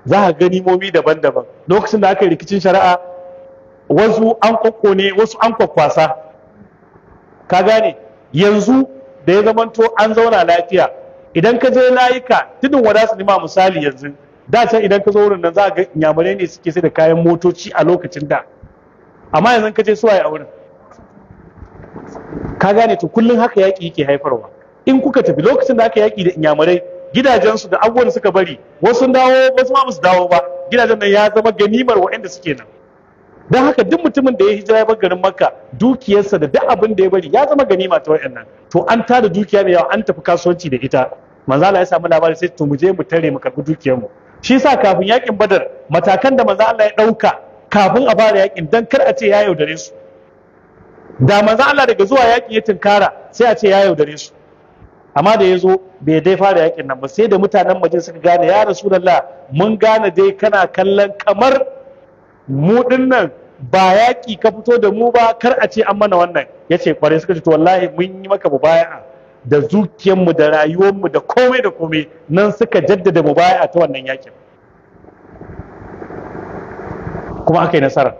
za a ganimomi daban-daban lokacin da aka yi rikicin shari'a wasu an kwakkone wasu an kwakwasa ka gane yanzu da ya zamanto an zauna lafiya idan ka je layuka tudun wada su nima misali yanzu da can idan ka zo wurin nan za a ga inyamurai ne suke sai da kayan motoci a lokacin da amma yanzu ka je suwaye a wurin ka gane to kullum haka yaƙi yake haifarwa in kuka tafi lokacin da aka yaƙi da inyamurai gidajensu da abubuwan suka bari wasu dawo wasu ma musu dawo ba gidajen nan ya zama ganimar waɗanda suke nan don haka duk mutumin da ya hijira ya bar garin makka dukiyarsa da duk abin da ya bari ya zama ganima ta waɗannan to an tada dukiya ne yawa an tafi kasuwanci da ita manzo Allah ya samu labari sai to mu je mu tare mu karbi dukiyarmu. shi yasa kafin yakin badar matakan da manzo Allah ya ɗauka. kafin a fara yakin dan kar a ce ya yaudare su da manzo Allah daga zuwa yakin ya tunkara sai a ce ya yaudare su amma da yazo bai dai fara yakin nan ba sai da mutanen majin suka gane ya rasulullah mun gane dai kana kallon kamar mu dinnan ba yaƙi ka fito da mu ba kar a ce an mana wannan yace ce kwarai suka ce to wallahi mun yi maka mubaya'a da zuciyarmu da rayuwarmu da komai da komai nan suka jaddada mubaya'a ta wannan yakin kuma aka yi nasara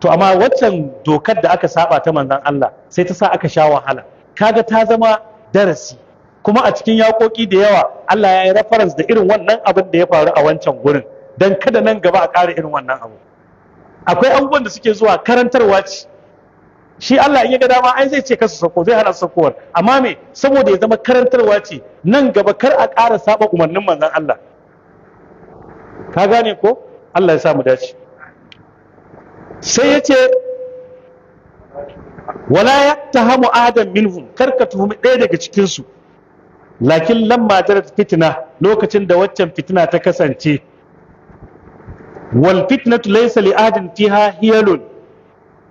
to amma waccan dokar da aka saba ta manzan Allah sai ta sa aka sha wahala kaga ta zama darasi kuma a cikin yaƙoƙi da yawa Allah ya yi reference da irin wannan abin da ya faru a wancan gurin don kada nan gaba a ƙara irin wannan abu akwai abubuwan da suke zuwa karantarwa ce shi Allah ya ga dama ai zai ce kasu sako zai hana sakowar amma me saboda ya zama karantarwa ce nan gaba kar a ƙara saba umarnin manzan Allah ka gane ko Allah ya sa mu dace sai ya ce wala ya tahamu adam minhum karka tuhumi ɗaya daga cikinsu lakin lamma jarat fitina lokacin da waccan fitina ta kasance wal fitnatu laysa li adin fiha hiyalun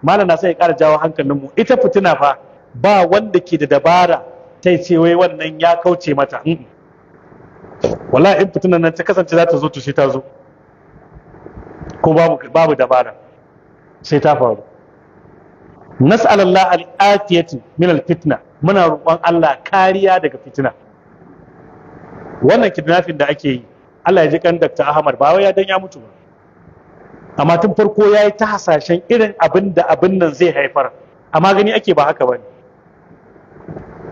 malam na sai ya ƙara jawo hankalin mu ita fitina fa ba wanda ke da dabara ta ce wai wannan ya kauce mata wala in fitina nan ta kasance za ta zo to sai ta zo ko babu dabara sai ta faru nas'alallah al'afiyati min al-fitna muna roƙon Allah kariya daga fitina wannan kidnapping da ake yi Allah ya ji kan Dr. Ahmad ba wai ya dan ya mutu ba amma tun farko ya yi ta hasashen irin abin da abin nan zai haifar amma gani ake ba haka bane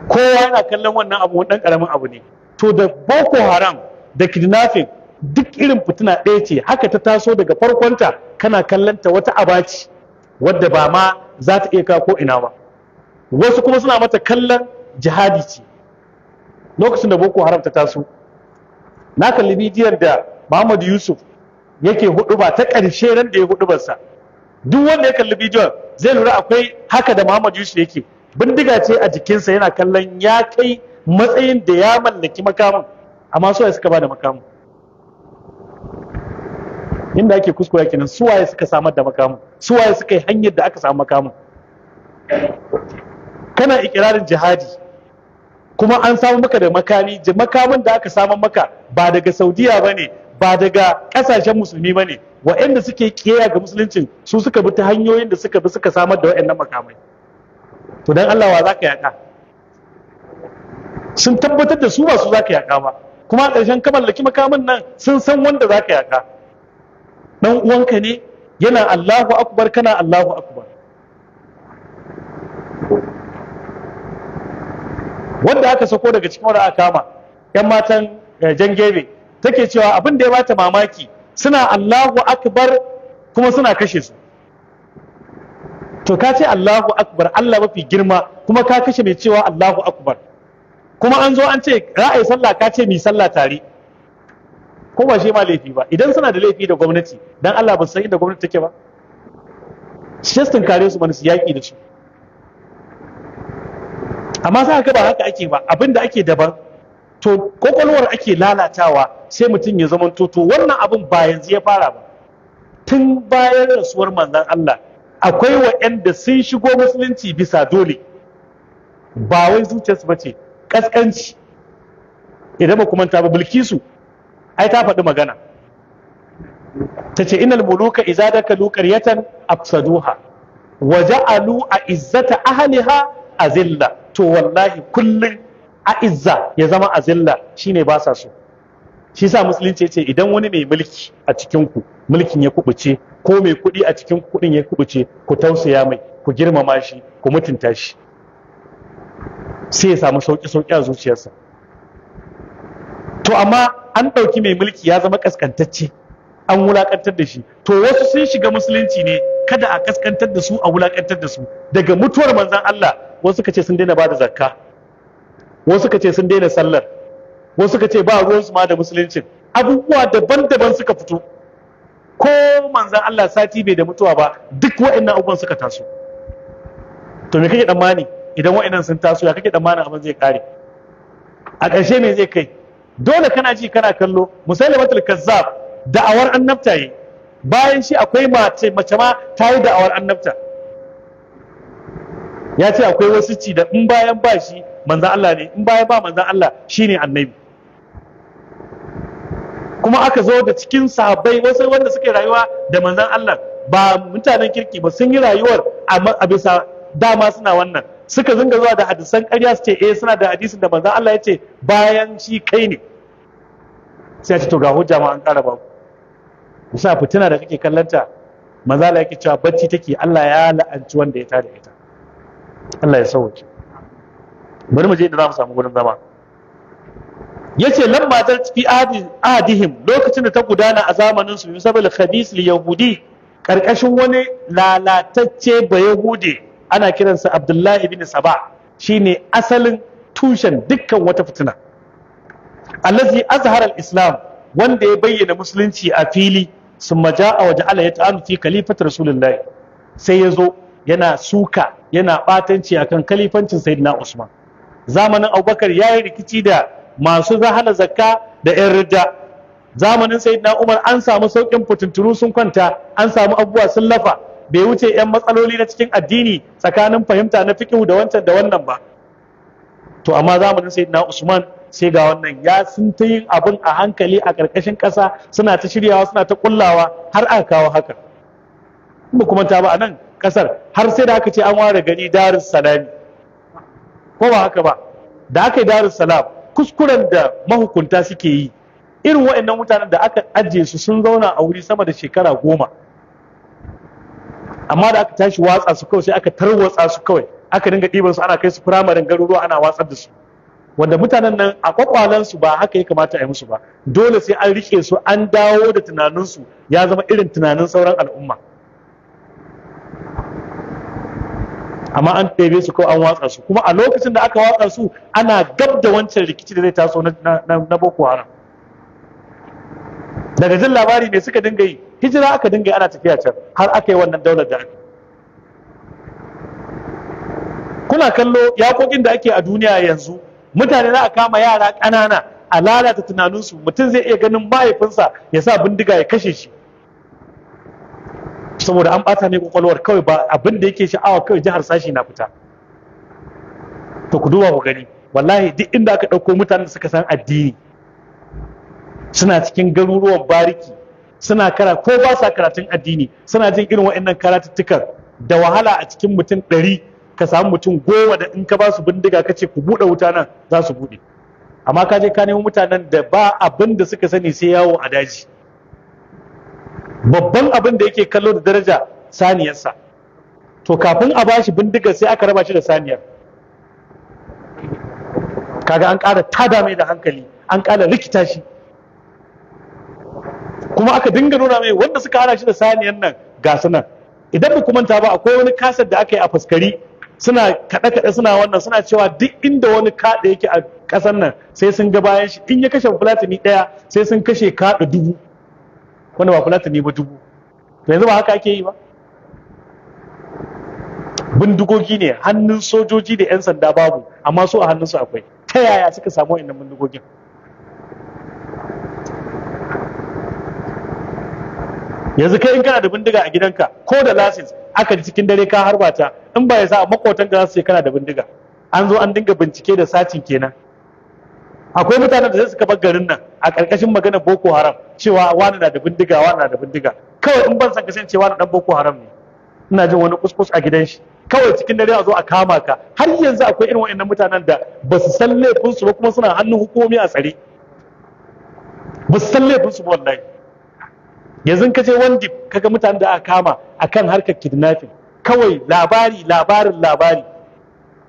kowa yana kallon wannan abu dan karamin abu ne to da Boko Haram da kidnapping duk irin fitina ɗaya ce haka ta taso daga farkonta kana kallanta wata abaci wadda ba ma za ta iya ko ina ba wasu kuma suna mata kallon jihadi ce lokacin da boko haram ta taso na kalli bidiyon da muhammad yusuf yake hudu ba ta ƙarshe ran da ya hudu barsa duk wanda ya kalli bidiyon zai lura akwai haka da muhammad yusuf yake bindiga ce a jikinsa yana kallon ya kai matsayin da ya mallaki makamin amma so ya suka ba da makamin inda ake kuskura kenan suwaye suka samar da makamin suwaye suka yi hanyar da aka samu makamin kana ikirarin jihadi kuma an samu maka da makami makamin da aka samu maka ba daga saudiya ba ne ba daga kasashen musulmi ba ne waɗanda suke keya ga musuluncin su suka bi ta hanyoyin da suka bi suka samar da waɗannan makamai to dan Allah wa zaka yaka sun tabbatar da su ba su zaka yaka ba kuma a ƙarshen ka mallaki makamin nan sun san wanda zaka yaka dan uwanka ne yana Allahu akbar kana Allahu akbar wanda aka sako daga cikin wani akama yan matan eh, jan gebe take cewa abin da ya bata mamaki suna Allahu akbar kuma suna kashe su to ka ce Allahu akbar Allah mafi girma kuma ka kashe mai cewa Allahu akbar kuma an zo an ce ra'ayi sallah ka ce mi sallah tare ko ba shi ma laifi ba idan suna da laifi da gwamnati dan Allah ba san inda gwamnati take ba shestin kare su mana yaki da su amma sai ka ba haka ake ba abinda da ake daban to kokolwar ake lalatawa sai mutum ya zama to wannan abin ba yanzu ya fara ba tun bayan rasuwar manzon Allah akwai waɗanda sun shigo musulunci bisa dole ba wai zuciyarsu ba ce ƙasƙanci idan ba kuma ta ba bilkisu ai ta faɗi magana ta ce inal muluka ka lukar yatan afsaduha wa ja'alu a izzata ahliha azilla to wallahi kullum a izza ya zama azilla shine ba sa so shi sa musulunci ce idan wani mai mulki a cikin ku mulkin ya kubuce ko mai kuɗi a cikin kuɗin ya kubuce ku tausaya mai ku girmama shi ku mutunta shi sai ya samu sauƙi sauƙi a zuciyarsa to amma an ɗauki mai mulki ya zama kaskantacce an wulakantar da shi to wasu sun shiga musulunci ne kada a kaskantar da su a wulakantar da su daga mutuwar manzon Allah wasu kace sun daina bada zakka wasu kace sun daina sallar wasu kace ba ruwan su ma da musuluncin abubuwa daban-daban suka fito ko manzon Allah sati bai da mutuwa ba duk wa'annan abubuwan suka taso to me kake tsammani idan wa'annan sun taso ya kake tsammanin abin zai kare a ƙarshe me zai kai dole kana ji kana kallo musailamatul kazzab da'awar annabta yi bayan shi akwai mace mace ma ta yi da'awar annabta ya ce akwai wasu ci da in bayan ba shi manzan Allah ne in bayan ba manzan Allah shine annabi kuma aka zo da cikin sahabbai wasu wanda suke rayuwa da manzan Allah ba mutanen kirki ba sun yi rayuwar a bisa dama suna wannan suka zinga zuwa da hadisan ƙarya su ce eh suna da hadisin da manzon Allah ya ce bayan shi kai ne sai ya ce to ga hujja ma an ƙara ba ku sa fitina da kake kallanta manzon Allah yake cewa bacci take Allah ya la'anci wanda ya tada ita Allah ya sauke bari mu je inda za mu samu gurin zama yace lam matar fi adihim lokacin da ta gudana a zamanin su sabal khabis li yahudi karkashin wani lalatacce ba yahudi ana kiransa abdullahi bin saba shine asalin tushen dukkan wata fitina allazi azhar al-islam wanda ya bayyana musulunci a fili sun maja a waje Allah ya fi kalifatar rasulullahi sai ya zo yana suka yana batanci akan kalifancin sayyidina usman zamanin abubakar ya yi rikici da masu zahala zakka da yan ridda zamanin sayyidina umar an samu saukin fitintunu sun kwanta an samu abubuwa sun lafa bai wuce yan matsaloli na cikin addini tsakanin fahimta na fikihu da wancan da wannan ba to amma zamanin na Usman sai ga wannan ya sun ta yin abin a hankali a ƙarƙashin ƙasa suna ta shiryawa suna ta kullawa har aka kawo haka ba kuma ta ba a nan ƙasar har sai da aka ce an ware gani darus salami ko ba haka ba da aka yi darus salam kuskuren da mahukunta suke yi irin waɗannan mutanen da aka ajiye su sun zauna a wuri sama da shekara goma amma da aka tashi watsa su kawai sai aka tarwatsa su kawai aka dinga ɗiban su ana kai su firamarin garuruwa ana watsar da su wanda mutanen nan a kwakwalan su ba haka ya kamata a yi musu ba dole sai an rike su an dawo da tunanin su ya zama irin tunanin sauran al'umma amma an ɗebe su kawai an watsa su kuma a lokacin da aka watsa su ana gab da wancan rikici da zai taso na boko haram daga jin labari ne suka dinga yi hijira aka dinga ana tafiya can har aka yi wannan daular da aka kuna kallo yakokin da ake a duniya yanzu mutane na a kama yara ƙanana a lalata tunaninsu mutum zai iya ganin mahaifinsa ya sa bindiga ya kashe shi saboda an ɓata mai kwakwalwar kawai ba abin da yake sha'awa kawai jihar sashi na fita to ku duba ku gani wallahi duk inda aka ɗauko mutanen da suka san addini suna cikin garuruwan bariki suna kara ko ba sa karatun addini suna jin irin waɗannan karatuttukan da wahala a cikin mutum ɗari ka samu mutum goma da in ka ba su bindiga ka ce ku buɗe wuta nan za su buɗe amma ka je ka nemi mutanen da ba abin da suka sani sai yawo a daji babban abin da yake kallo da daraja saniyarsa to kafin a bashi bindigar sai aka raba shi da saniyar kaga an ƙara tada mai da hankali an ƙara rikita shi kuma aka dinga nuna mai wanda suka hana shi da saniyan nan ga sanan idan ba ta ba akwai wani kasar da aka yi a faskari suna kaɗe kaɗe suna wannan suna cewa duk inda wani kaɗa yake a ƙasar nan sai sun ga bayan shi in ya kashe fulatani ɗaya sai sun kashe kaɗa dubu wanda ba fulatani ba dubu to yanzu ba haka ake yi ba bindigogi ne hannun sojoji da 'yan sanda babu amma su a hannunsu akwai ta yaya suka samu wa'annan bindigogin yanzu kai in kana da bindiga a gidanka ko da license aka ji cikin dare ka harba ta in ba ya sa makotan ka za su kana da bindiga an zo an dinga bincike da sacin kenan akwai mutanen da sai suka bar garin nan a ƙarƙashin magana boko haram cewa wani na da bindiga wani na da bindiga kawai in ban san ka cewa na dan boko haram ne ina jin wani kuskus a gidan shi kawai cikin dare a zo a kama ka har yanzu akwai irin wa'annan mutanen da ba su san laifinsu ba kuma suna hannun hukumomi a tsare ba su san laifinsu ba wallahi yanzu ka je wandip kaga mutane da aka kama akan harkar kidnapping kawai labari labarin labari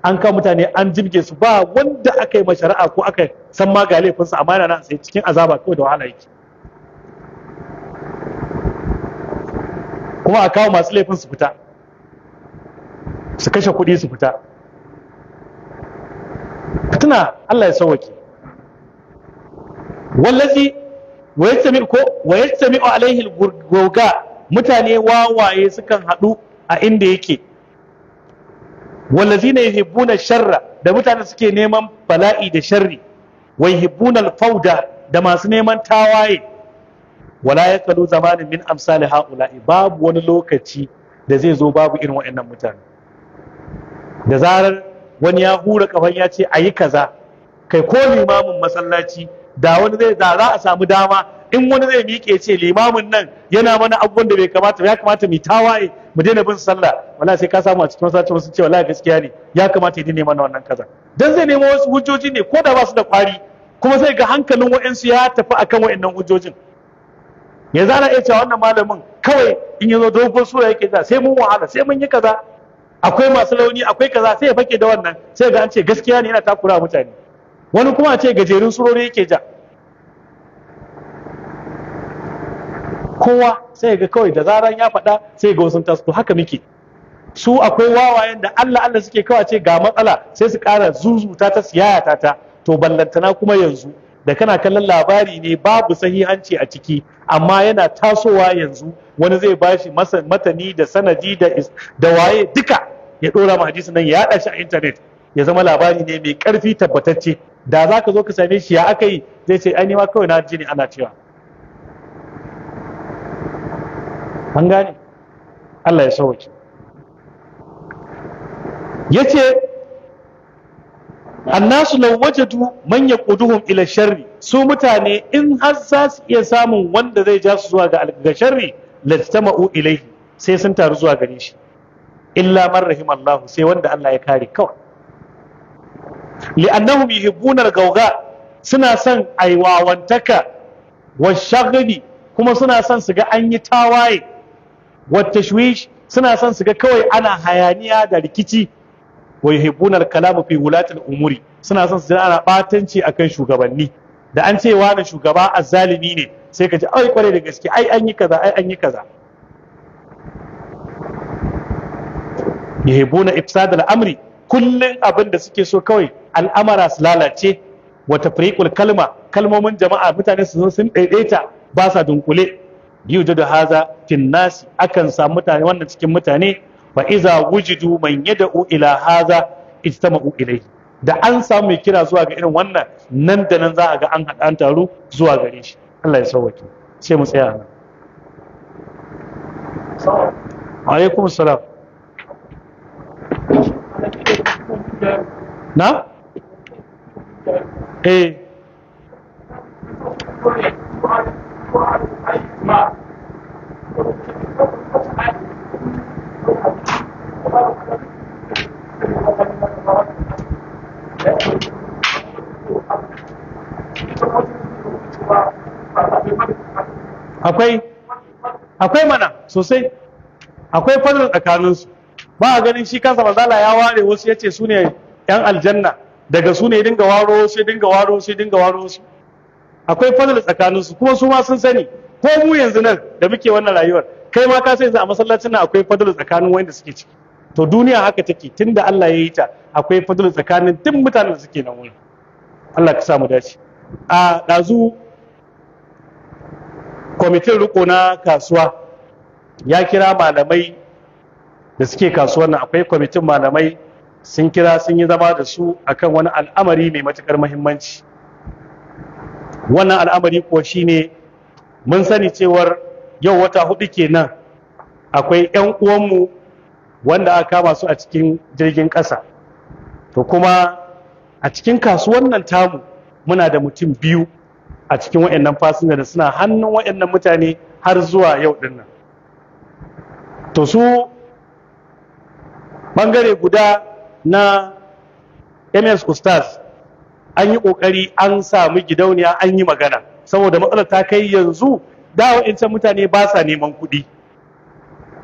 an kama mutane an jibge su ba wanda aka yi mashari'a ko aka san ma ga laifinsa amana na sai cikin azaba kawai da wahala yake kuma a kawo masu laifin su fita su kashe kuɗi su fita fitina Allah ya sauwake wallazi wa yajtami alaihi goga mutane wawaye sukan haɗu a inda yake wallazina yuhibbuna sharra da mutane suke neman bala'i da sharri wa yuhibbuna fauda da masu neman tawaye wala yakalu zamanin min amsali haula'i babu wani lokaci da zai zo babu irin waɗannan mutane da zarar wani ya hura kafan ya ce ayi kaza kai ko limamin masallaci da wani zai da za a samu dama in wani zai miƙe ce limamin nan yana mana abubuwan da bai kamata ya kamata mu tawaye mu daina bin sallah wallahi sai ka samu a cikin masallaci wasu ce wallahi gaskiya ne ya kamata ya daina mana wannan kaza dan zai nemo wasu hujjoji ne ko da ba su da kwari kuma sai ga hankalin wa'ansu ya tafi akan wa'annan hujjojin me za na iya cewa wannan malamin kawai in ya zo dogon sura yake da sai mun wahala sai mun yi kaza akwai masu launi akwai kaza sai ya fake da wannan sai ga an ce gaskiya ne yana takura mutane wani kuma a ce gajerun surori yake ja kowa sai ga kawai da zaran ya faɗa sai ga wasu tasu haka muke su akwai wawayen da Allah Allah suke kawai ce ga matsala sai su ƙara zuzuta ta siyayata ta to ballantana kuma yanzu da kana kallon labari ne babu sahihanci a ciki amma yana tasowa yanzu wani zai bashi matani da sanadi da waye duka ya ɗora ma hadisi nan ya yaɗa shi a intanet ya zama labari ne mai ƙarfi tabbatacce da za ka zo ka same shi ya aka yi zai ce ai ma kawai na ji ne ana cewa an gane Allah ya sauwace ya ce annasu law wajadu man yaquduhum ila sharri su mutane in har za su iya samun wanda zai ja su zuwa ga ga sharri mau ilaihi sai sun taru zuwa gare shi illa man rahimallahu sai wanda Allah ya kare kawai li'annahum yuhibbuna gauga suna son aiwawantaka wa shaghli kuma suna son su ga an yi tawaye wa tashwish suna son su ga kawai ana hayaniya da rikici wa yuhibbuna kalamu fi wulatil umuri suna son su ga ana batanci akan shugabanni da an ce wani shugaba azzalimi ne sai ka ji ai kware da gaske ai an yi kaza ai an yi kaza yuhibbuna ifsad al-amri kullum abin da suke so kawai al'amara su lalace wata firikul kalma kalmomin jama'a mutane su sun ɗaiɗaita ba sa dunkule da haza fin nasi akan samu mutane wannan cikin mutane fa iza wujidu man yad'u ila haza ijtama'u ilayhi da an samu mai kira zuwa ga irin wannan nan da nan za a ga an haɗa an taru zuwa gare shi Allah ya sauwake sai mu tsaya nan alaikum salam Não? E. Akwai, akwai mana sosai, akwai fadar tsakaninsu. ba a ganin shi kansa zala ya ware wasu ya ce su ne yan aljanna daga su ne ya dinga waro wasu ya dinga waro wasu ya dinga waro wasu akwai fadl tsakanin su kuma su ma sun sani ko mu yanzu nan da muke wannan rayuwar kai ma ka sai yanzu a masallacin nan akwai fadl tsakanin wanda suke ciki to duniya haka take tunda Allah ya yi ta akwai fadl tsakanin duk mutanen da suke nan wurin Allah ka samu dace a dazu kwamitin riko na kasuwa ya kira malamai da suke kasuwar nan akwai kwamitin malamai sun kira sun yi zama da su akan wani al'amari mai matukar muhimmanci wannan al'amari ko shine mun sani cewar yau wata hudu kenan akwai 'yan uwanmu wanda aka kama su a cikin jirgin ƙasa to kuma a cikin kasuwar nan tamu muna da mutum biyu a cikin wa'annan fasinja da suna hannun wa'annan mutane har zuwa yau dinnan to su bangare guda na ms costas an yi kokari an samu gidauniya an yi magana saboda matsalar ta kai yanzu da wa'incan mutane ba sa neman kuɗi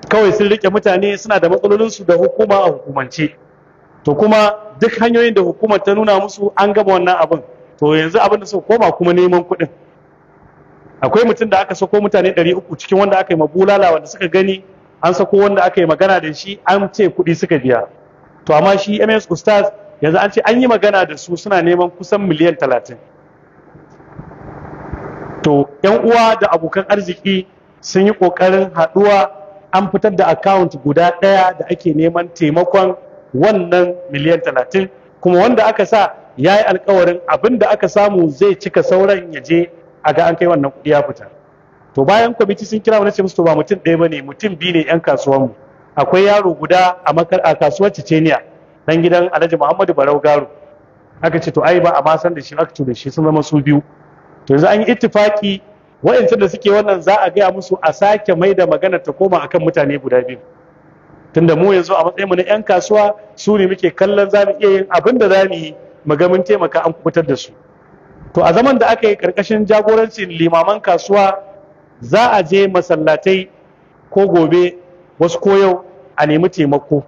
kawai sun rike mutane suna da matsalolinsu da hukuma a hukumance to kuma duk hanyoyin da hukumar ta nuna musu an gama wannan abin to yanzu abin da suka koma kuma neman kuɗin akwai mutum da aka sako mutane 300 cikin wanda aka yi mabulala wanda suka gani an sako wanda aka yi magana da shi an ce kuɗi suka biya to amma shi ms ustaz yanzu an ce an yi magana da su suna neman kusan miliyan talatin to yan uwa da abokan arziki sun yi ƙoƙarin haɗuwa an fitar da account guda ɗaya da ake neman taimakon wannan miliyan talatin kuma wanda aka sa ya yi alkawarin abin da aka samu zai cika sauran ya je a ga an kai wannan kuɗi ya fita to bayan kwamiti sun kira wani ce musu to ba mutum ɗaya bane mutum biyu ne yan kasuwan mu akwai yaro guda a makar a kasuwar Ceceniya dan gidan Alhaji Muhammadu Barau Garu aka ce to ai ba a ma san da shi aka da shi sun zama su biyu to yanzu an yi ittifaki waɗancan da suke wannan za a gaya musu a sake mai da magana ta koma akan mutane guda biyu tunda mu yanzu a matsayinmu na 'yan kasuwa su ne muke kallon za mu iya yin abin da za mu yi mun taimaka an kubutar da su to a zaman da aka yi karkashin jagorancin limaman kasuwa za a je masallatai ko gobe wasu yau a nemi taimako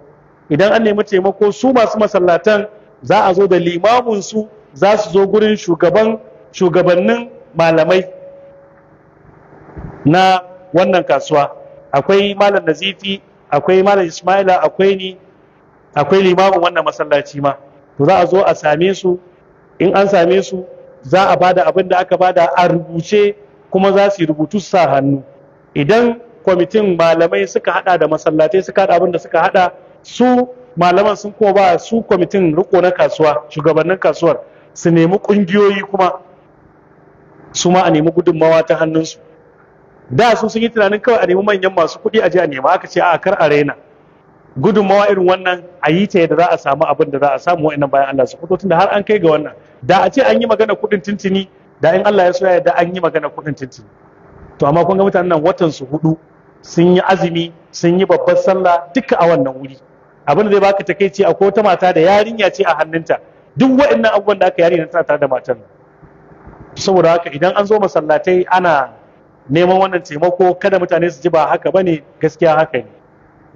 idan an nemi taimako su masu masallatan za a zo da limamunsu za su zo gurin shugaban shugabannin malamai na wannan kasuwa akwai malam nazifi akwai malam ismaila akwai ni akwai limamun wannan masallaci ma to za a zo a same su in an same su za a bada abin da aka bada a rubuce kuma za su yi rubutu su sa hannu idan kwamitin malamai suka hada da masallatai suka hada abin da suka hada su malaman sun kuma ba su kwamitin riko na kasuwa shugabannin kasuwar su nemi kungiyoyi kuma su ma a nemi gudunmawa ta hannunsu da su sun yi tunanin kawai a nemi manyan masu kuɗi a je a nema aka ce a kar a raina gudunmawa irin wannan a yi ta yadda za a samu abin da za a samu wa'annan bayan Allah su fito tunda har an kai ga wannan da a ce an yi magana kuɗin tintini da in Allah ya soya ya an yi magana kuɗin titi. to amma kun ga mutanen nan watan su hudu sun yi azumi sun yi babbar sallah duka a wannan wuri abin da zai baka takeici akwai wata mata da yarinya ce a hannunta duk waɗannan abubuwan da aka yarinya tana tare da matan saboda haka idan an zo masallatai ana neman wannan taimako kada mutane su ji ba haka bane gaskiya haka ne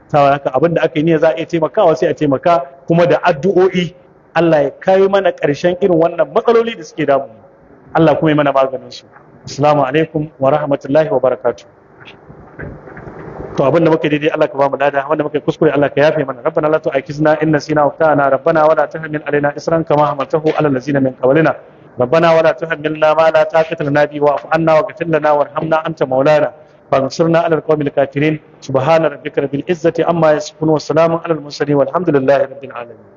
saboda haka abin da aka yi ne za a iya taimakawa sai a taimaka kuma da addu'o'i Allah ya kai mana ƙarshen irin wannan matsaloli da suke damu Allah kuma yi mana maganin su assalamu alaikum wa rahmatullahi wa barakatu. to abin da muka daidai Allah ka ba mu lada wanda muka kuskure Allah ka yafe mana rabbana la tu'akhizna in nasina wa ta'ana rabbana wa la tahmil alaina isran kama hamaltahu ala allazina min qablina rabbana wa la tuhammilna ma la taqata lana bi wa afanna wa ghfir lana warhamna anta maulana fansurna ala alqawmil kafirin subhana rabbika rabbil izzati amma yasifun wa salamun ala al mursalin walhamdulillahi rabbil alamin